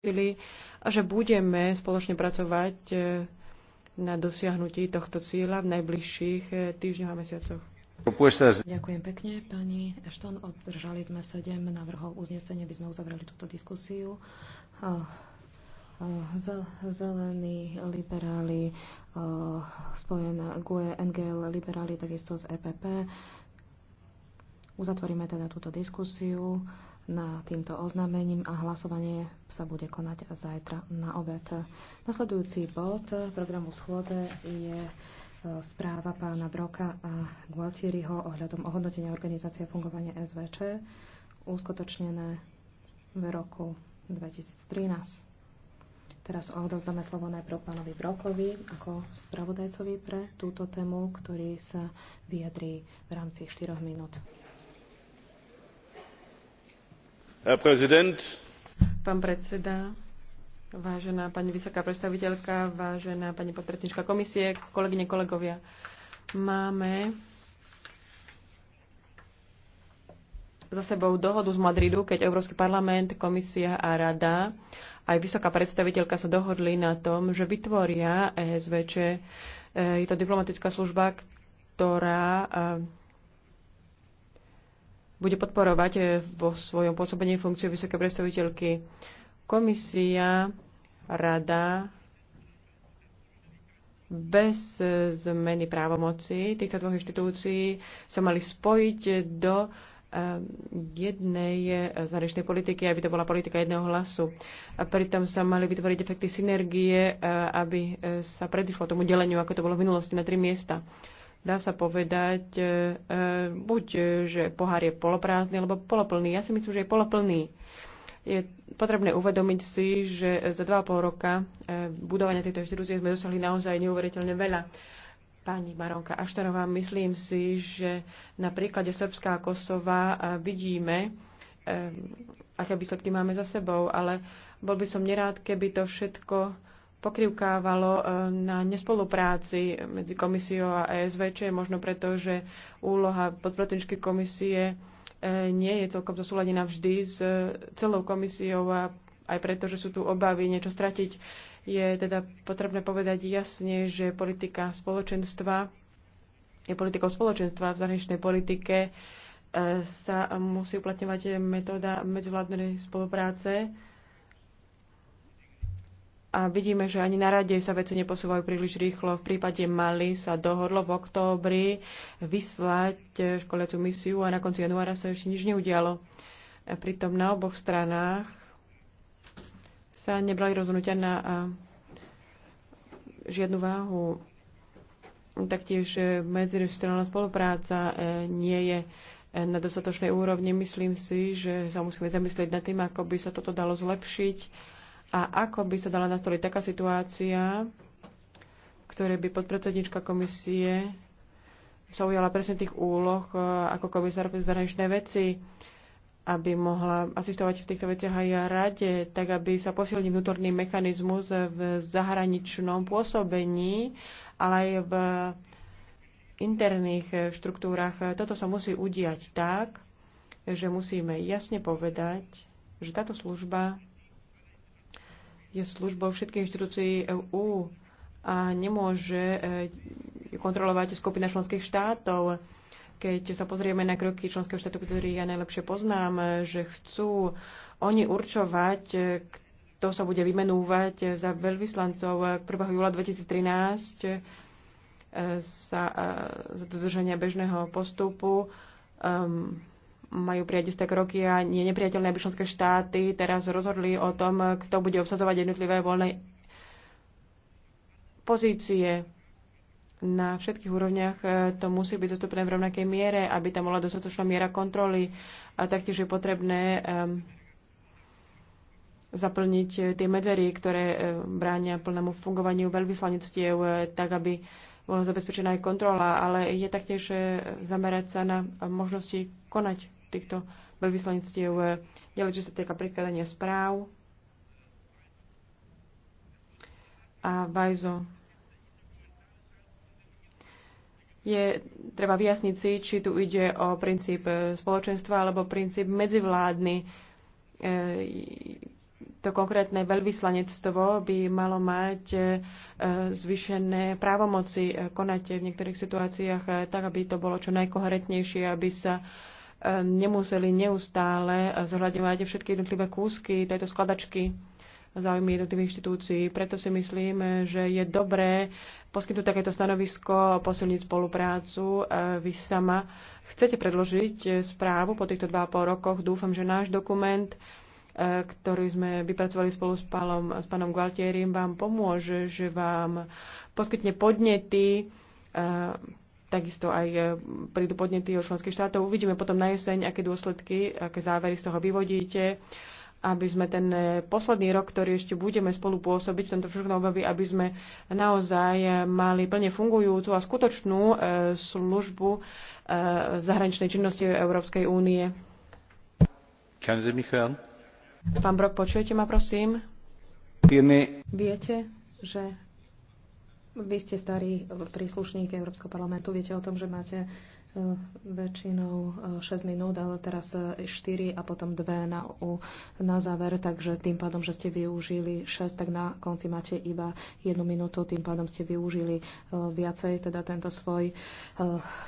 cíli a že budeme spoločne pracovať e, na dosiahnutí tohto cieľa v najbližších e, týždňoch a mesiacoch. Ďakujem pekne, pani Ešton. Obdržali sme sedem návrhov uznesenia, aby sme uzavreli túto diskusiu. Zelení, liberáli, spojené GUE, NGL, liberáli, takisto z EPP. Uzatvoríme teda túto diskusiu na týmto oznámením a hlasovanie sa bude konať zajtra na obed. Nasledujúci bod programu schôdze je e, správa pána Broka a Gualtieriho ohľadom ohodnotenia organizácie fungovania SVČ uskutočnené v roku 2013. Teraz odovzdáme slovo najprv pánovi Brokovi ako spravodajcovi pre túto tému, ktorý sa vyjadrí v rámci 4 minút. Pán predseda, vážená pani vysoká predstaviteľka, vážená pani podpredsedníčka komisie, kolegyne, kolegovia. Máme za sebou dohodu z Madridu, keď Európsky parlament, komisia a rada aj vysoká predstaviteľka sa dohodli na tom, že vytvoria ESVČ. E, je to diplomatická služba, ktorá e, bude podporovať e, vo svojom pôsobení funkciu vysoké predstaviteľky. Komisia, rada bez e, zmeny právomoci týchto dvoch inštitúcií sa mali spojiť do e, jednej zahraničnej politiky, aby to bola politika jedného hlasu. A pritom sa mali vytvoriť efekty synergie, aby sa predišlo tomu deleniu, ako to bolo v minulosti na tri miesta dá sa povedať, e, e, buď, e, že pohár je poloprázdny alebo poloplný. Ja si myslím, že je poloplný. Je potrebné uvedomiť si, že za 2,5 roka budovania tejto inštitúcie sme dosiahli naozaj neuveriteľne veľa. Pani Maronka Aštarová, myslím si, že na príklade Srbská a Kosova vidíme, aké výsledky máme za sebou, ale bol by som nerád, keby to všetko pokrivkávalo e, na nespolupráci medzi komisiou a ESV, čo je možno preto, že úloha podpredsedničky komisie e, nie je celkom zosúladená vždy s e, celou komisiou a aj preto, že sú tu obavy niečo stratiť. Je teda potrebné povedať jasne, že politika spoločenstva je politikou spoločenstva v zahraničnej politike sa musí uplatňovať metóda medzivládnej spolupráce, a vidíme, že ani na rade sa veci neposúvajú príliš rýchlo. V prípade Mali sa dohodlo v októbri vyslať eh, školiacu misiu a na konci januára sa ešte nič neudialo. A pritom na oboch stranách sa nebrali rozhodnutia na eh, žiadnu váhu. Taktiež eh, medzinárodná spolupráca nie je na dostatočnej úrovni. Myslím si, že sa musíme zamyslieť nad tým, ako by sa toto dalo zlepšiť a ako by sa dala nastoliť taká situácia, ktoré by podpredsednička komisie sa ujala presne tých úloh e, ako komisár pre zahraničné veci, aby mohla asistovať v týchto veciach aj rade, tak aby sa posilnil vnútorný mechanizmus v zahraničnom pôsobení, ale aj v interných štruktúrach. Toto sa musí udiať tak, že musíme jasne povedať, že táto služba je službou všetkých inštitúcií EÚ a nemôže eh, kontrolovať skupina členských štátov. Keď sa pozrieme na kroky členského štátu, ktorý ja najlepšie poznám, že chcú oni určovať, kto sa bude vymenúvať za veľvyslancov 1. júla 2013 eh, sa eh, za dodržania bežného postupu um, majú prijať isté kroky a nie nepriateľné, aby členské štáty teraz rozhodli o tom, kto bude obsadzovať jednotlivé voľné pozície na všetkých úrovniach e, to musí byť zastúpené v rovnakej miere, aby tam bola dostatočná miera kontroly a taktiež je potrebné zaplniť e, tie medzery, ktoré e, bránia plnému fungovaniu veľvyslanectiev, tak aby bola zabezpečená aj kontrola, ale je taktiež zamerať sa na možnosti konať týchto veľvyslanectiev. Eh, ďalej, čo sa týka predkladania správ a Vajzo. Je treba vyjasniť si, či tu ide o princíp eh, spoločenstva alebo princíp medzivládny. Eh, to konkrétne veľvyslanectvo by malo mať zvyšené právomoci konať v niektorých situáciách tak, aby to bolo čo najkoherentnejšie, aby sa nemuseli neustále zohľadňovať všetky jednotlivé kúsky tejto skladačky záujmy jednotlivých inštitúcií. Preto si myslím, že je dobré poskytnúť takéto stanovisko, posilniť spoluprácu. E, vy sama chcete predložiť správu po týchto 2,5 rokoch. Dúfam, že náš dokument, e, ktorý sme vypracovali spolu s, Palom, s pánom Gualtierim, vám pomôže, že vám poskytne podnety e, Takisto aj e, prídu podnety od členských štátov. Uvidíme potom na jeseň, aké dôsledky, aké závery z toho vyvodíte, aby sme ten e, posledný rok, ktorý ešte budeme spolu pôsobiť v tomto všetkom období, aby sme naozaj e, mali plne fungujúcu a skutočnú službu zahraničnej činnosti Európskej únie. Pán Brok, počujete ma, prosím? Viete, že vy ste starý príslušník Európskeho parlamentu, viete o tom, že máte Eh, väčšinou 6 eh, minút, ale teraz 4 eh, a potom 2 na, na záver, takže tým pádom, že ste využili 6, tak na konci máte iba 1 minútu, tým pádom ste využili viacej, teda tento svoj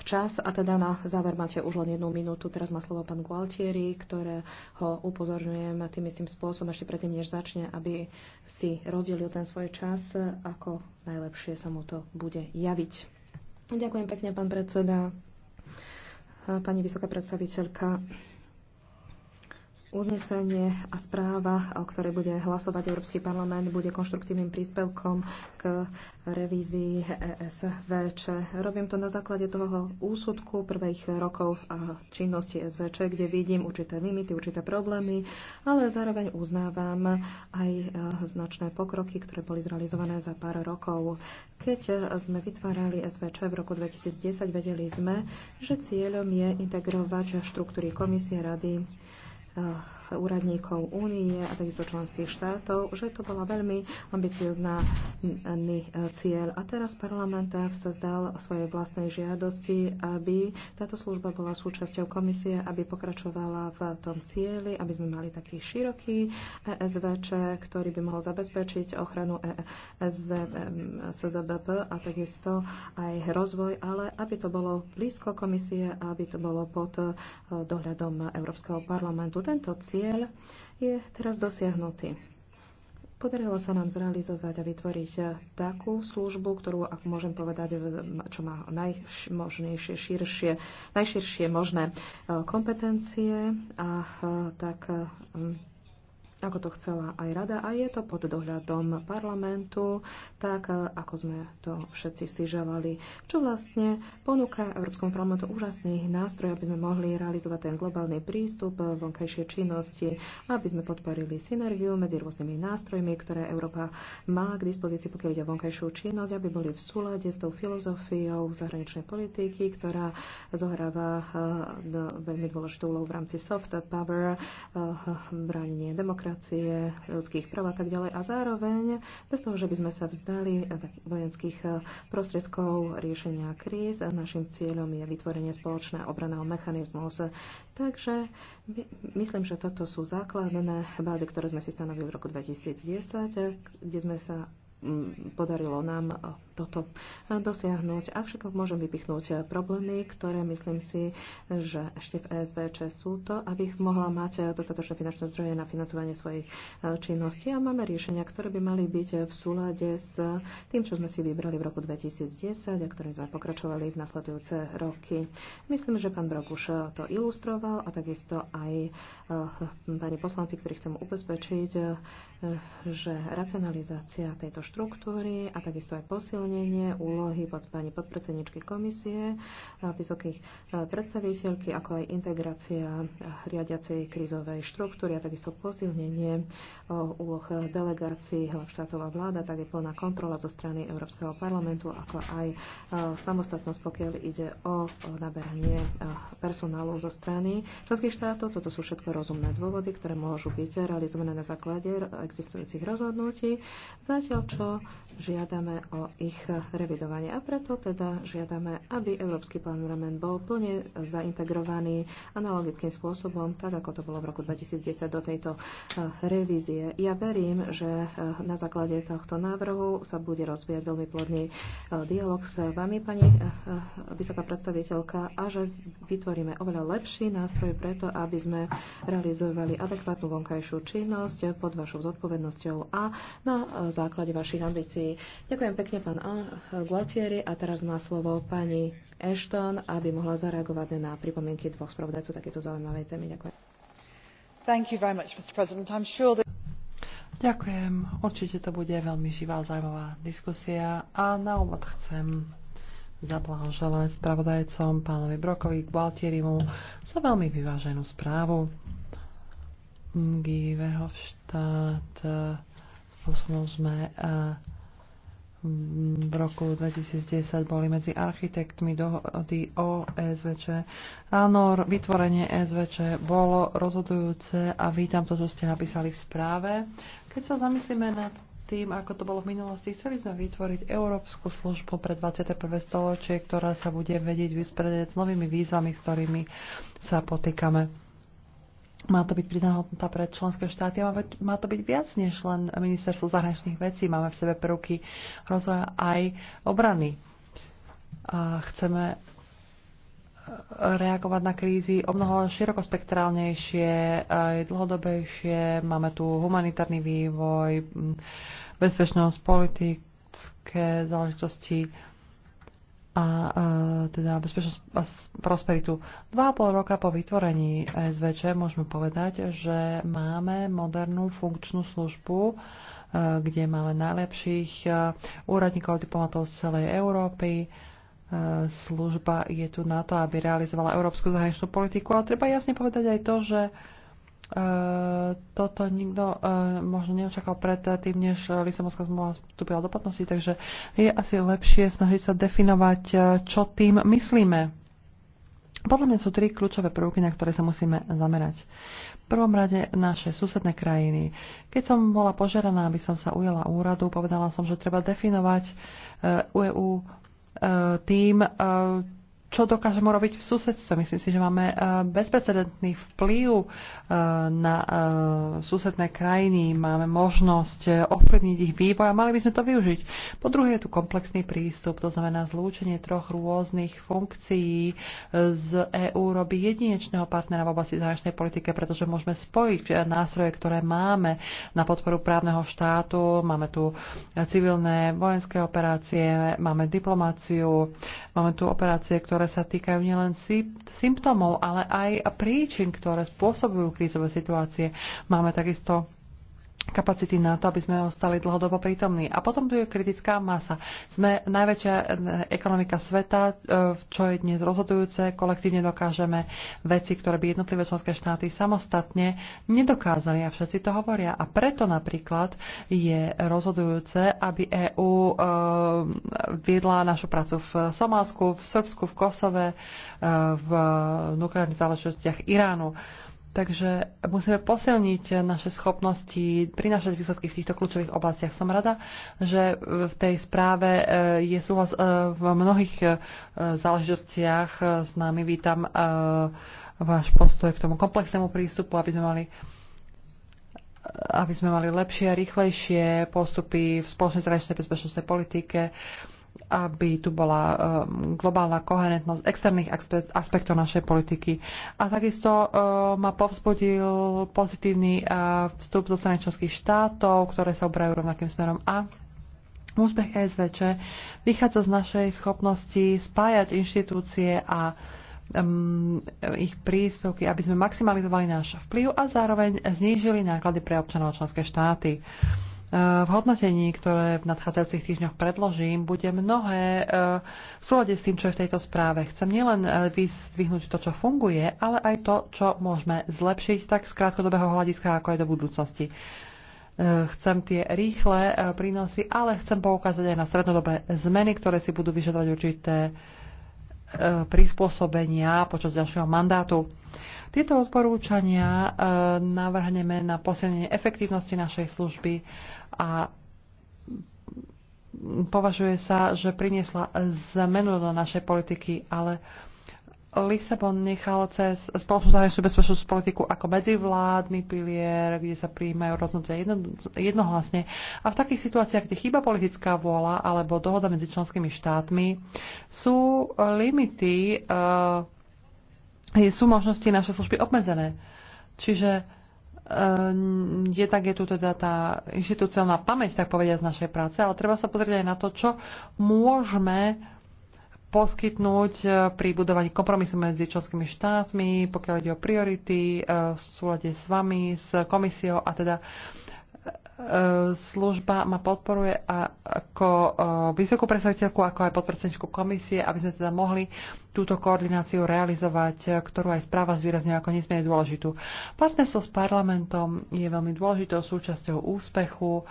čas a teda na záver máte už len 1 minútu. Teraz má slovo pán Gualtieri, ktoré ho upozorňujem tým istým spôsobom ešte predtým, než začne, aby si rozdelil ten svoj čas, ako najlepšie sa mu to bude javiť. Ďakujem pekne, pán predseda pani vysoká predstaviteľka. Uznesenie a správa, o ktorej bude hlasovať Európsky parlament, bude konštruktívnym príspevkom k revízii ESVČ. Robím to na základe toho úsudku prvých rokov a činnosti e SVČ, kde vidím určité limity, určité problémy, ale zároveň uznávam aj e, značné pokroky, ktoré boli zrealizované za pár rokov. Keď e, sme vytvárali SVČ v roku 2010, vedeli sme, že cieľom je integrovať štruktúry komisie, rady, Oh úradníkov únie a takisto členských štátov, že to bola veľmi ambiciozná mm, eh, cieľ. A teraz parlament sa zdal svojej vlastnej žiadosti, aby táto služba bola súčasťou komisie, aby pokračovala v tom cieli, aby sme mali taký široký ESVČ, eh, ktorý by mohol zabezpečiť ochranu eh, SZBP a takisto aj rozvoj, ale aby to bolo blízko komisie aby to bolo pod dohľadom Európskeho parlamentu. Tento cieľ cieľ je teraz dosiahnutý. Podarilo sa nám zrealizovať a vytvoriť takú službu, ktorú, ak môžem povedať, čo má najmožnejšie, širšie, najširšie možné e, kompetencie a e, tak e, ako to chcela aj rada a je to pod dohľadom parlamentu, tak e, ako sme to všetci si želali. Čo vlastne ponúka Európskom parlamentu úžasný nástroj, aby sme mohli realizovať ten globálny prístup e, vonkajšie činnosti, aby sme podporili synergiu medzi rôznymi nástrojmi, ktoré Európa má k dispozícii, pokiaľ ide o vonkajšiu činnosť, aby boli v súlade s tou filozofiou zahraničnej politiky, ktorá zohráva e, veľmi dôležitú úlohu v rámci soft power, bránenie demokracie demokracie, ľudských práv a tak ďalej. A zároveň, bez toho, že by sme sa vzdali eh, vojenských eh, prostriedkov riešenia kríz, našim cieľom je vytvorenie spoločného obraného mechanizmu. Takže myslím, že toto sú základné bázy, ktoré sme si stanovili v roku 2010, eh, kde sme sa mm, podarilo nám toto eh, dosiahnuť. Avšak môžem vypichnúť eh, problémy, ktoré myslím si, že ešte v ESVČ sú to, aby mohla mať eh, dostatočné finančné zdroje na financovanie svojich činností a máme riešenia, ktoré by mali byť v súlade s tým, čo sme si vybrali v roku 2010 a ktorým sme pokračovali v nasledujúce roky. Myslím, že pán Brok už to ilustroval a takisto aj pani poslanci, ktorých chcem ubezpečiť, že racionalizácia tejto štruktúry a takisto aj posilnenie plnenie úlohy pod pani podpredsedničky komisie, vysokých predstaviteľky, ako aj integrácia riadiacej krízovej štruktúry a takisto posilnenie úloh delegácií hlav štátov a vláda, tak je plná kontrola zo strany Európskeho parlamentu, ako aj samostatnosť, pokiaľ ide o naberanie personálu zo strany členských štátov. Toto sú všetko rozumné dôvody, ktoré môžu byť realizované na základe existujúcich rozhodnutí, zatiaľ čo žiadame o ich ich eh, revidovanie. A preto teda žiadame, aby Európsky parlament bol plne zaintegrovaný analogickým spôsobom, tak ako to bolo v roku 2010 do tejto eh, revízie. Ja verím, že eh, na základe tohto návrhu sa bude rozvíjať veľmi plodný dialog s vami, pani vysoká predstaviteľka, a že vytvoríme oveľa lepší nástroj preto, aby sme realizovali adekvátnu vonkajšiu činnosť pod vašou zodpovednosťou a na základe vašich ambícií. Ďakujem pekne, pán Gualtieri a teraz má slovo pani Ashton, aby mohla zareagovať na pripomienky dvoch spravodajcov takéto zaujímavej témy. Ďakujem. Thank you very much, Mr. President. I'm sure that... Ďakujem. Určite to bude veľmi živá, zaujímavá diskusia a na úvod chcem zablahoželať spravodajcom pánovi Brokovi k Baltierimu za veľmi vyváženú správu. Guy Verhofstadt, posunul sme uh, v roku 2010 boli medzi architektmi dohody o SVČ. Áno, vytvorenie SVČ bolo rozhodujúce a vítam to, čo ste napísali v správe. Keď sa zamyslíme nad tým, ako to bolo v minulosti, chceli sme vytvoriť Európsku službu pre 21. storočie, ktorá sa bude vedieť vyspredieť s novými výzvami, s ktorými sa potýkame má to byť pridaná hodnota pre členské štáty a má to byť viac než len ministerstvo zahraničných vecí. Máme v sebe prvky rozvoja aj obrany. A chceme e, reagovať na krízy o mnoho širokospektrálnejšie, aj e, dlhodobejšie. Máme tu humanitárny vývoj, bezpečnosť, politické záležitosti a e, teda bezpečnosť a prosperitu. Dva a pol roka po vytvorení SVČ môžeme povedať, že máme modernú funkčnú službu, e, kde máme najlepších e, úradníkov a diplomatov z celej Európy. Služba je tu na to, aby realizovala európsku zahraničnú politiku, ale treba jasne povedať aj to, že E, toto nikto e, možno neočakal pred tým, než Lisabonská zmluva vstúpila do platnosti, takže je asi lepšie snažiť sa definovať, e, čo tým myslíme. Podľa mňa sú tri kľúčové prvky, na ktoré sa musíme zamerať. V prvom rade naše susedné krajiny. Keď som bola požeraná, aby som sa ujela úradu, povedala som, že treba definovať EU tým, čo dokážeme robiť v susedstve. Myslím si, že máme e, bezprecedentný vplyv e, na e, susedné krajiny, máme možnosť ovplyvniť ich vývoj a mali by sme to využiť. Po druhé je tu komplexný prístup, to znamená zlúčenie troch rôznych funkcií z EÚ robí jedinečného partnera v oblasti zahraničnej politike, pretože môžeme spojiť nástroje, ktoré máme na podporu právneho štátu, máme tu civilné vojenské operácie, máme diplomáciu, máme tu operácie, ktoré ktoré sa týkajú nielen symptómov, ale aj príčin, ktoré spôsobujú krízové situácie. Máme takisto kapacity na to, aby sme ostali dlhodobo prítomní. A potom tu je kritická masa. Sme najväčšia eh, ekonomika sveta, eh, čo je dnes rozhodujúce. Kolektívne dokážeme veci, ktoré by jednotlivé členské štáty samostatne nedokázali a všetci to hovoria. A preto napríklad je rozhodujúce, aby EÚ eh, viedla našu prácu v Somálsku, v Srbsku, v Kosove, v nukleárnych záležitostiach Iránu Takže musíme posilniť naše schopnosti prinášať výsledky v týchto kľúčových oblastiach. Som rada, že v tej správe e, je súhlas e, v mnohých e, záležitostiach s nami. Vítam váš postoj k tomu komplexnému prístupu, aby sme mali aby sme mali lepšie a rýchlejšie postupy v spoločnej zahraničnej bezpečnostnej politike aby tu bola um, globálna koherentnosť externých aspektov našej politiky. A takisto uh, ma povzbudil pozitívny uh, vstup zo strany členských štátov, ktoré sa obrajú rovnakým smerom a Úspech e SVČ vychádza z našej schopnosti spájať inštitúcie a um, ich príspevky, aby sme maximalizovali náš vplyv a zároveň znížili náklady pre občanov členské štáty. Uh, v hodnotení, ktoré v nadchádzajúcich týždňoch predložím, bude mnohé eh, v súlade s tým, čo je v tejto správe. Chcem nielen eh, vyzvihnúť to, čo funguje, ale aj to, čo môžeme zlepšiť, tak z krátkodobého hľadiska, ako aj do budúcnosti. Eh, chcem tie rýchle prínosy, ale chcem poukázať aj na strednodobé zmeny, ktoré si budú vyžadovať určité prispôsobenia počas ďalšieho mandátu. Tieto odporúčania navrhneme na posilnenie efektívnosti našej služby, a považuje sa, že priniesla zmenu do našej politiky, ale Lisabon nechal cez spoločnú zahraničnú bezpečnosť politiku ako medzivládny pilier, kde sa prijímajú rozhodnutia jedno, jednohlasne. A v takých situáciách, kde chýba politická vôľa alebo dohoda medzi členskými štátmi, sú limity, uh, sú možnosti naše služby obmedzené. Čiže Ehm, je tak je tu teda tá inštitúciálna pamäť, tak povediať, z našej práce, ale treba sa pozrieť aj na to, čo môžeme poskytnúť eh, pri budovaní kompromisu medzi členskými štátmi, pokiaľ ide o priority eh, v súlade s vami, s komisiou a teda uh, E, služba ma podporuje ako e, vysokú predstaviteľku, ako aj podpredsedničku komisie, aby sme teda mohli túto koordináciu realizovať, e, ktorú aj správa zvýrazňuje ako nesmierne dôležitú. Partnerstvo s parlamentom je veľmi dôležitou súčasťou úspechu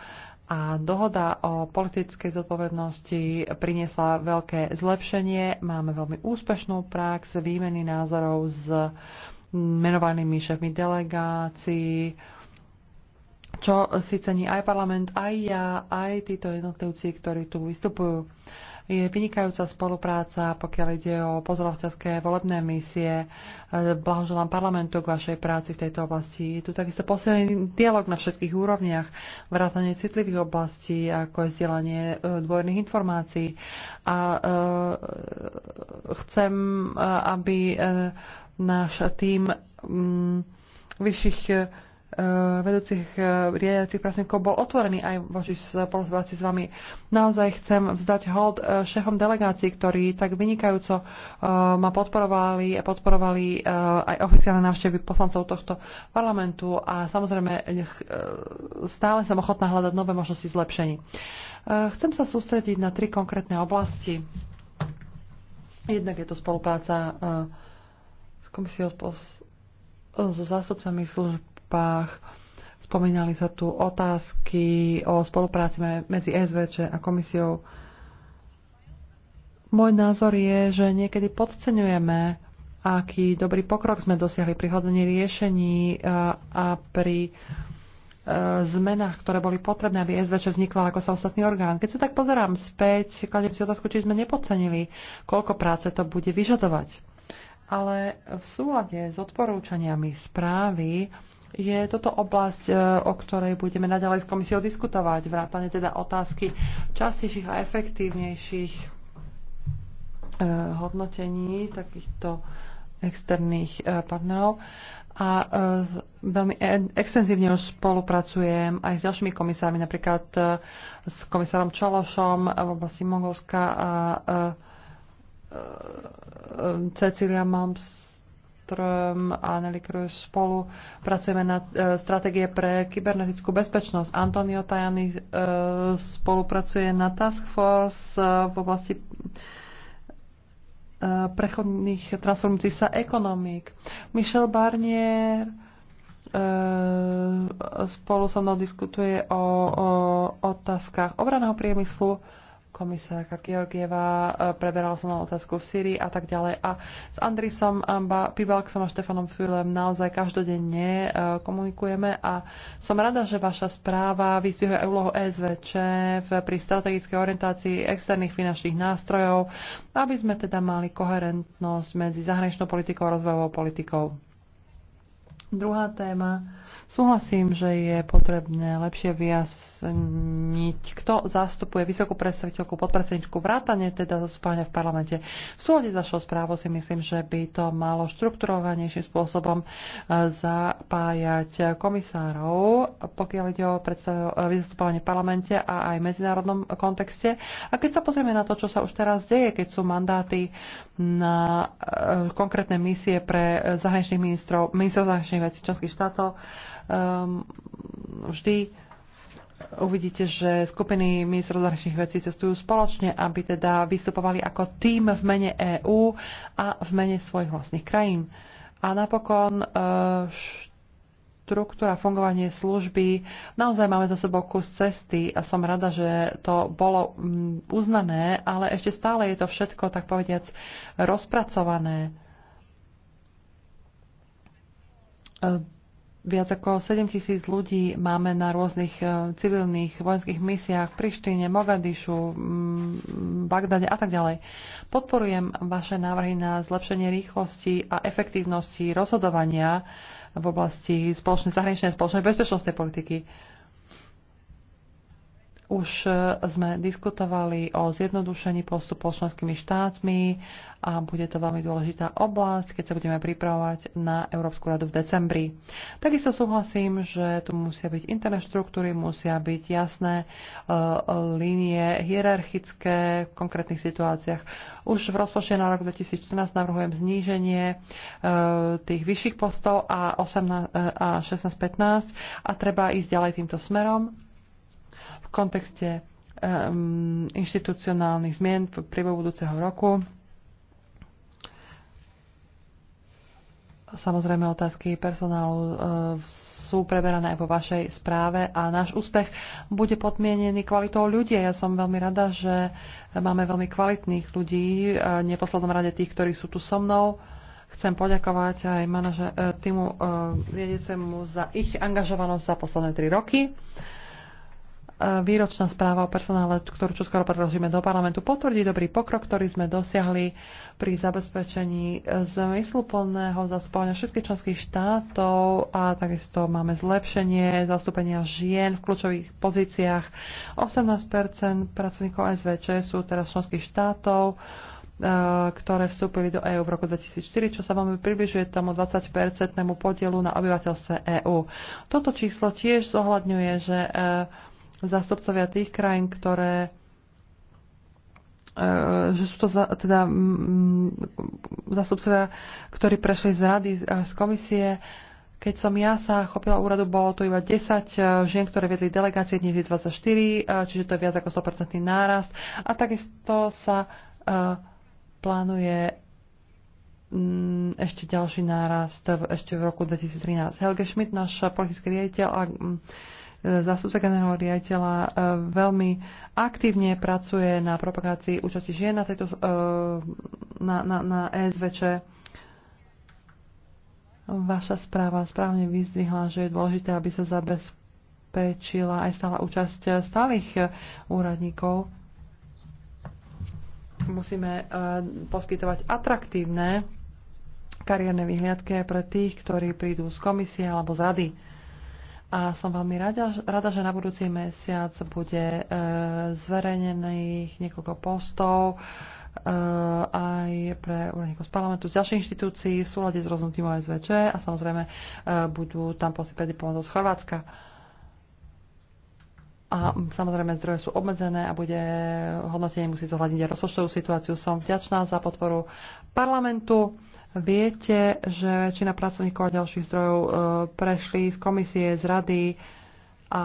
a dohoda o politickej zodpovednosti priniesla veľké zlepšenie. Máme veľmi úspešnú prax výmeny názorov s menovanými šéfmi delegácií, čo si cení aj parlament, aj ja, aj títo jednotlivci, ktorí tu vystupujú. Je vynikajúca spolupráca, pokiaľ ide o pozorovateľské volebné misie. Blahoželám parlamentu k vašej práci v tejto oblasti. Je tu takisto posilný dialog na všetkých úrovniach, vrátanie citlivých oblastí, ako je zdieľanie e, dvojných informácií. A e, chcem, e, aby náš tým m, vyšších Eh, vedúcich eh, riadiacich pracovníkov bol otvorený aj voči spolupráci s vami. Naozaj chcem vzdať hold eh, šéfom delegácií, ktorí tak vynikajúco ma podporovali a podporovali aj oficiálne návštevy poslancov tohto parlamentu a samozrejme stále som ochotná hľadať nové možnosti zlepšení. Chcem sa sústrediť na tri konkrétne oblasti. Jednak je to spolupráca s komisiou so zástupcami služb stopách. Spomínali sa tu otázky o spolupráci medzi SVČ a komisiou. Môj názor je, že niekedy podceňujeme, aký dobrý pokrok sme dosiahli pri hľadaní riešení e, a pri e, zmenách, ktoré boli potrebné, aby SVČ vznikla ako samostatný orgán. Keď sa tak pozerám späť, kladiem si otázku, či sme nepodcenili, koľko práce to bude vyžadovať. Ale v súlade s odporúčaniami správy je toto oblasť, e, o ktorej budeme naďalej s komisiou diskutovať, vrátane teda otázky častejších a efektívnejších e, hodnotení takýchto externých e, partnerov a veľmi extenzívne už spolupracujem aj s ďalšími komisármi, napríklad s komisárom Čološom v oblasti Mongolska a Cecilia Malms Malmström a Nelly Cruz spolu pracujeme na e, stratégie pre kybernetickú bezpečnosť. Antonio Tajani e, spolupracuje na Task Force e, v oblasti e, prechodných transformácií sa ekonomík. Michel Barnier e, spolu so mnou diskutuje o, o otázkach obraného priemyslu komisárka Georgieva, e, preberal som na otázku v Syrii a tak ďalej. A s Andrisom e, Pibalksom a Štefanom Fülem naozaj každodenne e, komunikujeme a som rada, že vaša správa vyzvihuje úlohu SVČ pri strategickej orientácii externých finančných nástrojov, aby sme teda mali koherentnosť medzi zahraničnou politikou a rozvojovou politikou. Druhá téma. Súhlasím, že je potrebné lepšie vyjasniť, kto zastupuje vysokú predstaviteľku, podpredsedničku vrátane, teda zastupovania v parlamente. V súhode s vašou správou si myslím, že by to malo štrukturovanejším spôsobom e, zapájať komisárov, pokiaľ ide o e, vyzastupovanie v parlamente a aj v medzinárodnom kontexte. A keď sa pozrieme na to, čo sa už teraz deje, keď sú mandáty na e, konkrétne misie pre zahraničných ministrov, ministrov zahraničných vnútorných vecí členských štátov. Um, ehm, vždy uvidíte, že skupiny ministrov zahraničných vecí cestujú spoločne, aby teda vystupovali ako tým v mene EÚ a v mene svojich vlastných krajín. A napokon ehm, štruktúra, fungovanie služby. Naozaj máme za sebou kus cesty a som rada, že to bolo mm, uznané, ale ešte stále je to všetko, tak povediac, rozpracované E, viac ako 7 tisíc ľudí máme na rôznych e, civilných vojenských misiách v Prištine, Mogadišu, Bagdade a tak ďalej. Podporujem vaše návrhy na zlepšenie rýchlosti a efektívnosti rozhodovania v oblasti spoločnej zahraničnej spoločnej bezpečnostnej politiky už e, sme diskutovali o zjednodušení postupov členskými štátmi a bude to veľmi dôležitá oblasť, keď sa budeme pripravovať na Európsku radu v decembri. Takisto súhlasím, že tu musia byť interné štruktúry, musia byť jasné e, línie hierarchické v konkrétnych situáciách. Už v rozpočte na rok 2014 navrhujem zníženie e, tých vyšších postov a 16-15 a treba ísť ďalej týmto smerom kontexte um, inštitucionálnych zmien v priebehu budúceho roku. Samozrejme, otázky personálu ehm, sú preberané aj vo vašej správe a náš úspech bude podmienený kvalitou ľudí. Ja som veľmi rada, že máme veľmi kvalitných ľudí, ehm, neposlednom rade tých, ktorí sú tu so mnou. Chcem poďakovať aj manaže, e, týmu riadecemu za ich angažovanosť za posledné tri roky. E, výročná správa o personále, ktorú čoskoro predložíme do parlamentu, potvrdí dobrý pokrok, ktorý sme dosiahli pri zabezpečení zmysluplného zastupovania všetkých členských štátov a takisto máme zlepšenie zastúpenia žien v kľúčových pozíciách. 18 pracovníkov SVČ sú teraz členských štátov e, ktoré vstúpili do EÚ v roku 2004, čo sa veľmi približuje tomu 20-percentnému podielu na obyvateľstve EÚ. Toto číslo tiež zohľadňuje, že e, zástupcovia tých krajín, ktoré e, že sú to za, teda zastupcovia, ktorí prešli z rady, z komisie. Keď som ja sa chopila úradu, bolo tu iba 10 e, žien, ktoré vedli delegácie, dnes je 24, e, čiže to je viac ako 100% nárast. A takisto sa uh, plánuje ešte ďalší nárast v, ešte v roku 2013. Helge Schmidt, náš politický riaditeľ a Zástupca generálneho riaditeľa e, veľmi aktívne pracuje na propagácii účasti žien na, tejto, e, na, na, na ESVČ. Vaša správa správne vyzdvihla, že je dôležité, aby sa zabezpečila aj stála účasť stálych úradníkov. Musíme e, poskytovať atraktívne kariérne vyhliadke pre tých, ktorí prídu z komisie alebo z rady a som veľmi rada, rada že na budúci mesiac bude e, zverejnených niekoľko postov e, aj pre úradníkov z parlamentu z ďalších inštitúcií v súlade s rozhodnutím OSVČ a samozrejme e, budú tam posypať diplomatov z Chorvátska. A samozrejme zdroje sú obmedzené a bude hodnotenie musí zohľadniť aj rozpočtovú situáciu. Som vďačná za podporu parlamentu Viete, že väčšina pracovníkov a ďalších zdrojov e, prešli z komisie, z rady a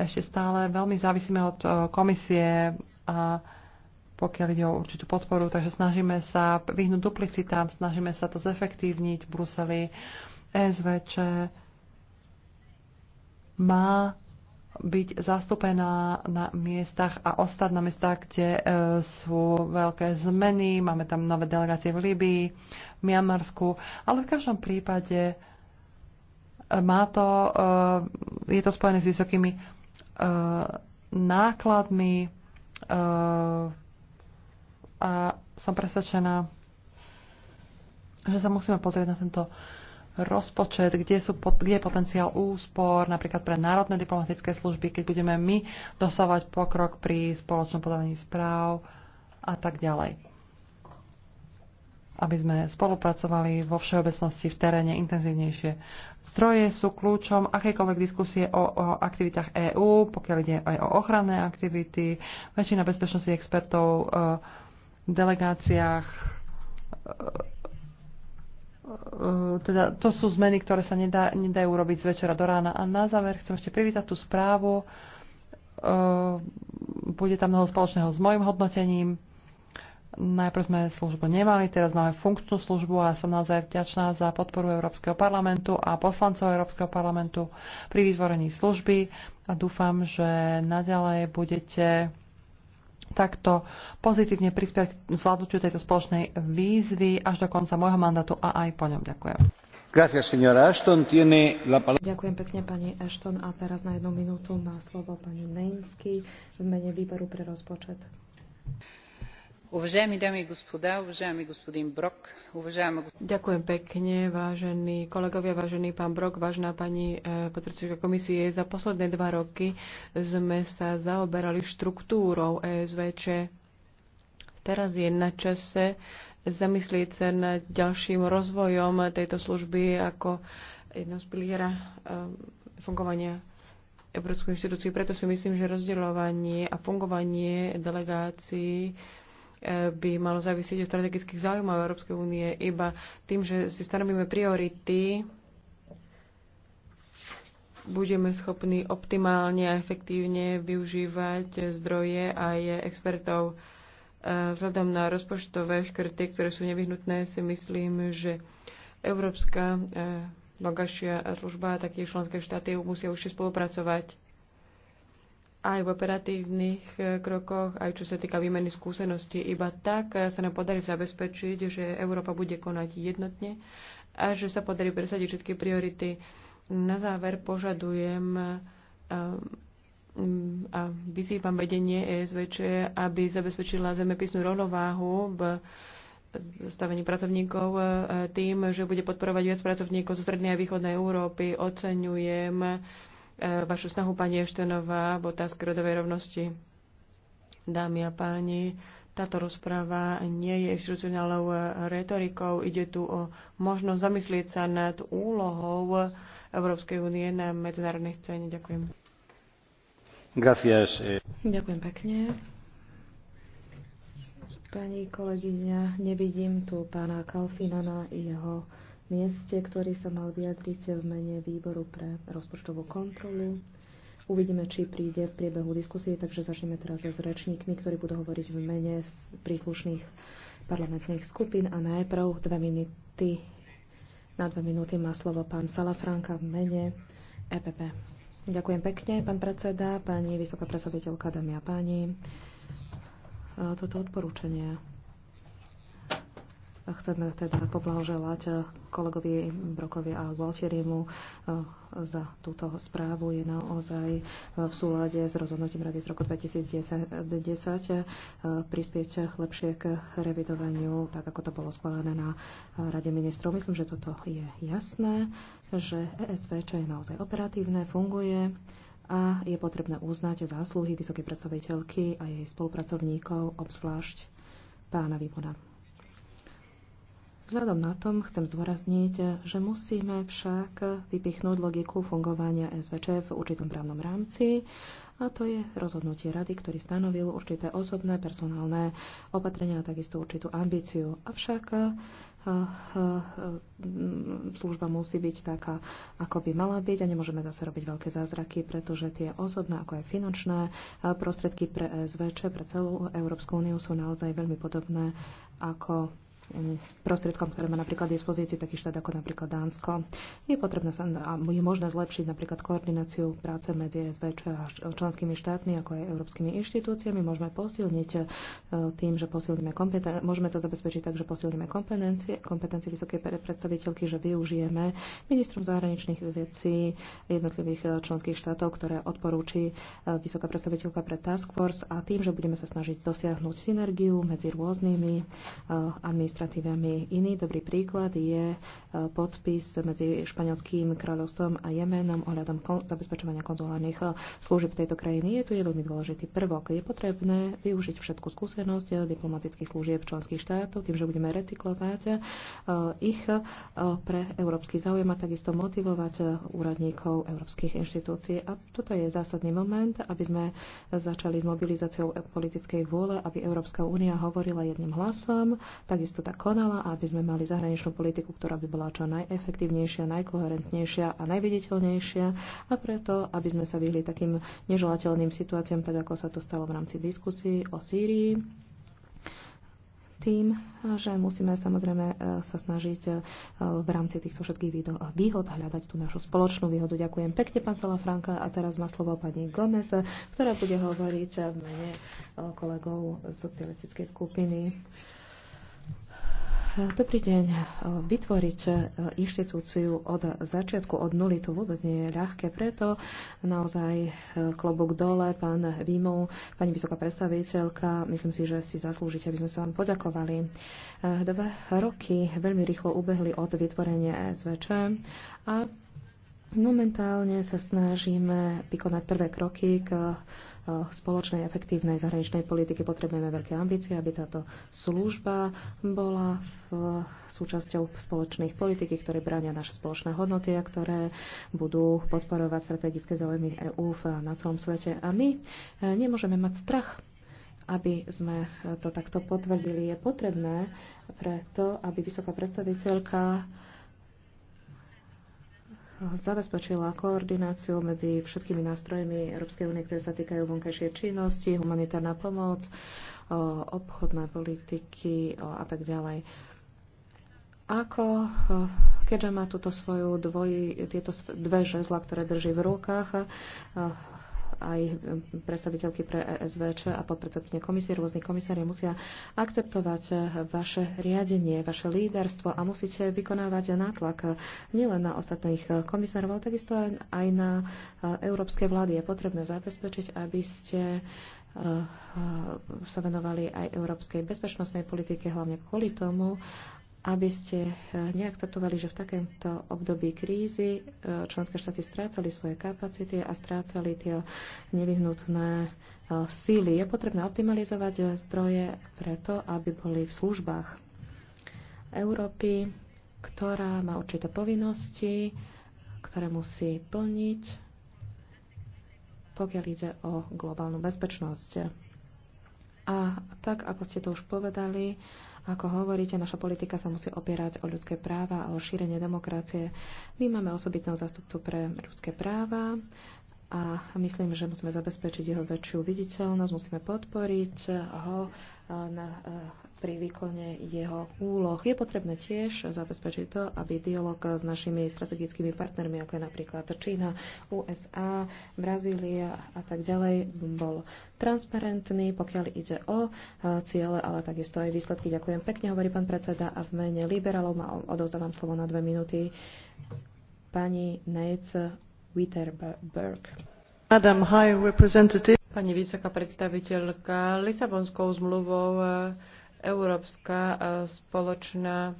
ešte stále veľmi závisíme od e, komisie a pokiaľ ide o určitú podporu, takže snažíme sa vyhnúť duplicitám, snažíme sa to zefektívniť v Bruseli. SVČ má byť zastúpená na miestach a ostať na miestach, kde e, sú veľké zmeny. Máme tam nové delegácie v Líbii, v Mianmarsku, ale v každom prípade e, má to, e, je to spojené s vysokými e, nákladmi e, a som presvedčená, že sa musíme pozrieť na tento rozpočet, kde, sú, kde je potenciál úspor, napríklad pre národné diplomatické služby, keď budeme my dosávať pokrok pri spoločnom podávaní správ a tak ďalej. Aby sme spolupracovali vo všeobecnosti v teréne intenzívnejšie. Stroje sú kľúčom akékoľvek diskusie o, o aktivitách EÚ, pokiaľ ide aj o ochranné aktivity. Väčšina bezpečnosti expertov eh, v delegáciách eh, Eh, teda to sú zmeny, ktoré sa nedá, nedajú robiť z večera do rána. A na záver chcem ešte privítať tú správu. Eh, bude tam mnoho spoločného s mojim hodnotením. Najprv sme službu nemali, teraz máme funkčnú službu a som naozaj vďačná za podporu Európskeho parlamentu a poslancov Európskeho parlamentu pri vytvorení služby a dúfam, že naďalej budete takto pozitívne prispieť k zvládnutiu tejto spoločnej výzvy až do konca môjho mandátu a aj po ňom. Ďakujem. Ďakujem pekne, pani Ashton. A teraz na jednu minútu má slovo pani Nejnsky v mene výboru pre rozpočet. Ďakujem pekne, vážení kolegovia, vážený pán Brok, vážená pani eh, podpredsedníčka komisie. Za posledné dva roky sme sa zaoberali štruktúrou ESVČ. Teraz je na čase zamyslieť sa nad ďalším rozvojom tejto služby ako jedno z piliera eh, fungovania Európskej inštitúcii. Preto si myslím, že rozdeľovanie a fungovanie delegácií E, by malo závisiť od strategických záujmov Európskej únie. Iba tým, že si stanovíme priority, budeme schopní optimálne a efektívne využívať zdroje a je expertov. E, vzhľadom na rozpočtové škrty, ktoré sú nevyhnutné, si myslím, že Európska e, bankašia služba a taktiež členské štáty musia už spolupracovať aj v operatívnych e, krokoch, aj čo sa týka výmeny skúseností. Iba tak e, sa nám podarí zabezpečiť, že Európa bude konať jednotne a že sa podarí presadiť všetky priority. Na záver požadujem e, a vyzývam vedenie ESVČ, aby zabezpečila zemepisnú rovnováhu v zastavení pracovníkov tým, že bude podporovať viac pracovníkov zo strednej a východnej Európy. Oceňujem E, vašu snahu, pani Eštenová, v otázke rodovej rovnosti. Dámy a páni, táto rozpráva nie je institucionálnou e, retorikou. Ide tu o možnosť zamyslieť sa nad úlohou Európskej únie na medzinárodnej scéne. Ďakujem. Gracias. Eh. Ďakujem pekne. Pani kolegyňa, nevidím tu pána Kalfinana i jeho mieste, ktorý sa mal vyjadriť v mene výboru pre rozpočtovú kontrolu. Uvidíme, či príde v priebehu diskusie, takže začneme teraz s rečníkmi, ktorí budú hovoriť v mene príslušných parlamentných skupín. A najprv dve minuty, na dve minúty má slovo pán Salafranka v mene EPP. Ďakujem pekne, pán predseda, pani vysoká predstaviteľka, dámy a páni. Toto odporúčanie Chceme teda poblahoželať eh, kolegovi Brokovi a Gualtierimu eh, za túto správu. Je naozaj eh, v súlade s rozhodnutím Rady z roku 2010 prispieť lepšie k revidovaniu, tak ako to bolo schválené na Rade ministrov. Myslím, že toto je jasné, že ESV, čo je naozaj operatívne, funguje a je potrebné uznať zásluhy vysokej predstaviteľky a jej spolupracovníkov, obzvlášť pána Výbona. Vzhľadom na tom chcem zdôrazniť, že musíme však vypichnúť logiku fungovania SVČ v určitom právnom rámci a to je rozhodnutie rady, ktorý stanovil určité osobné personálne opatrenia a takisto určitú ambíciu. Avšak služba musí byť taká, ako by mala byť a nemôžeme zase robiť veľké zázraky, pretože tie osobné, ako aj finančné prostriedky pre SVČ, pre celú Európsku úniu sú naozaj veľmi podobné ako prostriedkom, ktoré má napríklad dispozícii taký štát ako napríklad Dánsko. Je potrebné sa, a je možné zlepšiť napríklad koordináciu práce medzi SV a členskými štátmi, ako aj európskymi inštitúciami. Môžeme posilniť e, tým, že posilníme kompetencie, môžeme to zabezpečiť tak, že posilníme kompetencie, kompetencie vysokej predstaviteľky, že využijeme ministrom zahraničných vecí jednotlivých e, členských štátov, ktoré odporúči e, vysoká predstaviteľka pre Task Force a tým, že budeme sa snažiť dosiahnuť synergiu medzi rôznymi administratívami. Iný dobrý príklad je e, podpis medzi španielským kráľovstvom a Jemenom ohľadom zabezpečovania konzulárnych e, služieb tejto krajiny. Je tu je veľmi dôležitý prvok. Je potrebné využiť všetku skúsenosť e, diplomatických služieb členských štátov tým, že budeme recyklovať ich pre európsky záujem a takisto motivovať úradníkov európskych inštitúcií. A toto je zásadný moment, aby sme začali s mobilizáciou politickej vôle, aby Európska únia hovorila jedným hlasom, takisto tak konala a aby sme mali zahraničnú politiku, ktorá by bola čo najefektívnejšia, najkoherentnejšia a najviditeľnejšia a preto, aby sme sa vyhli takým neželateľným situáciám, tak ako sa to stalo v rámci diskusí o Sýrii tým, že musíme samozrejme e, sa snažiť e, v rámci týchto všetkých výhod hľadať tú našu spoločnú výhodu. Ďakujem pekne, pán Sala Franka. A teraz má slovo pani Gomez, ktorá bude hovoriť v mene e, kolegov socialistickej skupiny. Dobrý deň. Vytvoriť e, inštitúciu od začiatku, od nuly, to vôbec nie je ľahké. Preto naozaj e, klobúk dole, pán Vímov, pani vysoká predstaviteľka, myslím si, že si zaslúžite, aby sme sa vám poďakovali. E, Dva roky veľmi rýchlo ubehli od vytvorenia SVČ a Momentálne sa snažíme vykonať prvé kroky k eh, spoločnej efektívnej zahraničnej politiky potrebujeme veľké ambície, aby táto služba bola v, súčasťou spoločných politiky, ktoré bránia naše spoločné hodnoty a ktoré budú podporovať strategické záujmy EÚ na celom svete. A my eh, nemôžeme mať strach aby sme eh, to takto potvrdili, je potrebné preto, aby vysoká predstaviteľka zabezpečila koordináciu medzi všetkými nástrojmi Európskej únie, ktoré sa týkajú vonkajšej činnosti, humanitárna pomoc, obchodné politiky a tak ďalej. Ako, keďže má túto svoju dvoj, tieto dve žezla, ktoré drží v rukách, aj predstaviteľky pre ESVČ a podpredsedkynia komisie, rôzni komisári musia akceptovať vaše riadenie, vaše líderstvo a musíte vykonávať nátlak nielen na ostatných komisárov, ale takisto aj na európske vlády. Je potrebné zabezpečiť, aby ste eh, sa venovali aj európskej bezpečnostnej politike, hlavne kvôli tomu, aby ste eh, neakceptovali, že v takémto období krízy eh, členské štáty strácali svoje kapacity a strácali tie nevyhnutné eh, síly. Je potrebné optimalizovať zdroje preto, aby boli v službách Európy, ktorá má určité povinnosti, ktoré musí plniť, pokiaľ ide o globálnu bezpečnosť. A tak, ako ste to už povedali, ako hovoríte, naša politika sa musí opierať o ľudské práva a o šírenie demokracie. My máme osobitného zastupcu pre ľudské práva a myslím, že musíme zabezpečiť jeho väčšiu viditeľnosť, musíme podporiť ho eh, na eh, pri výkone jeho úloh. Je potrebné tiež zabezpečiť to, aby dialog s našimi strategickými partnermi, ako je napríklad Čína, USA, Brazília a tak ďalej, bol transparentný, pokiaľ ide o e, ciele, ale takisto aj výsledky. Ďakujem pekne, hovorí pán predseda a v mene liberálov ma odozdávam slovo na dve minúty pani Nates Witterberg. Madam High Representative. Pani vysoká predstaviteľka, Lisabonskou zmluvou Európska e, spoločná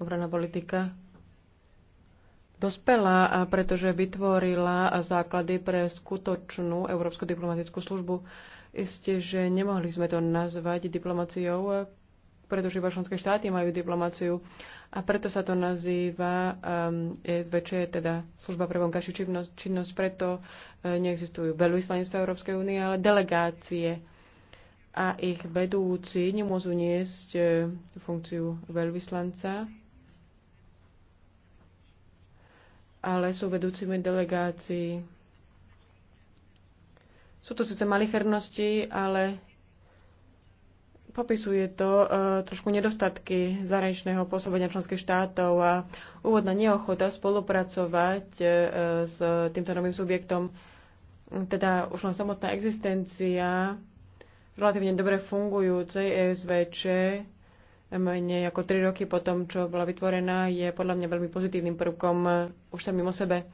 obranná politika dospela, pretože vytvorila základy pre skutočnú Európsku diplomatickú službu. Isté, že nemohli sme to nazvať diplomáciou, pretože iba členské štáty majú diplomáciu a preto sa to nazýva um, ehm, e SVČ, teda služba pre vonkajšiu činnosť, preto e, neexistujú veľvyslanectva Európskej únie, ale delegácie a ich vedúci nemôžu niesť e, funkciu veľvyslanca, ale sú vedúcimi delegácií. Sú to síce malichernosti, ale popisuje to e, trošku nedostatky zahraničného pôsobenia členských štátov a úvodná neochota spolupracovať e, s týmto novým subjektom, teda už len samotná existencia relatívne dobre fungujúcej ESVČ menej ako 3 roky po tom, čo bola vytvorená, je podľa mňa veľmi pozitívnym prvkom eh, už sa mimo sebe.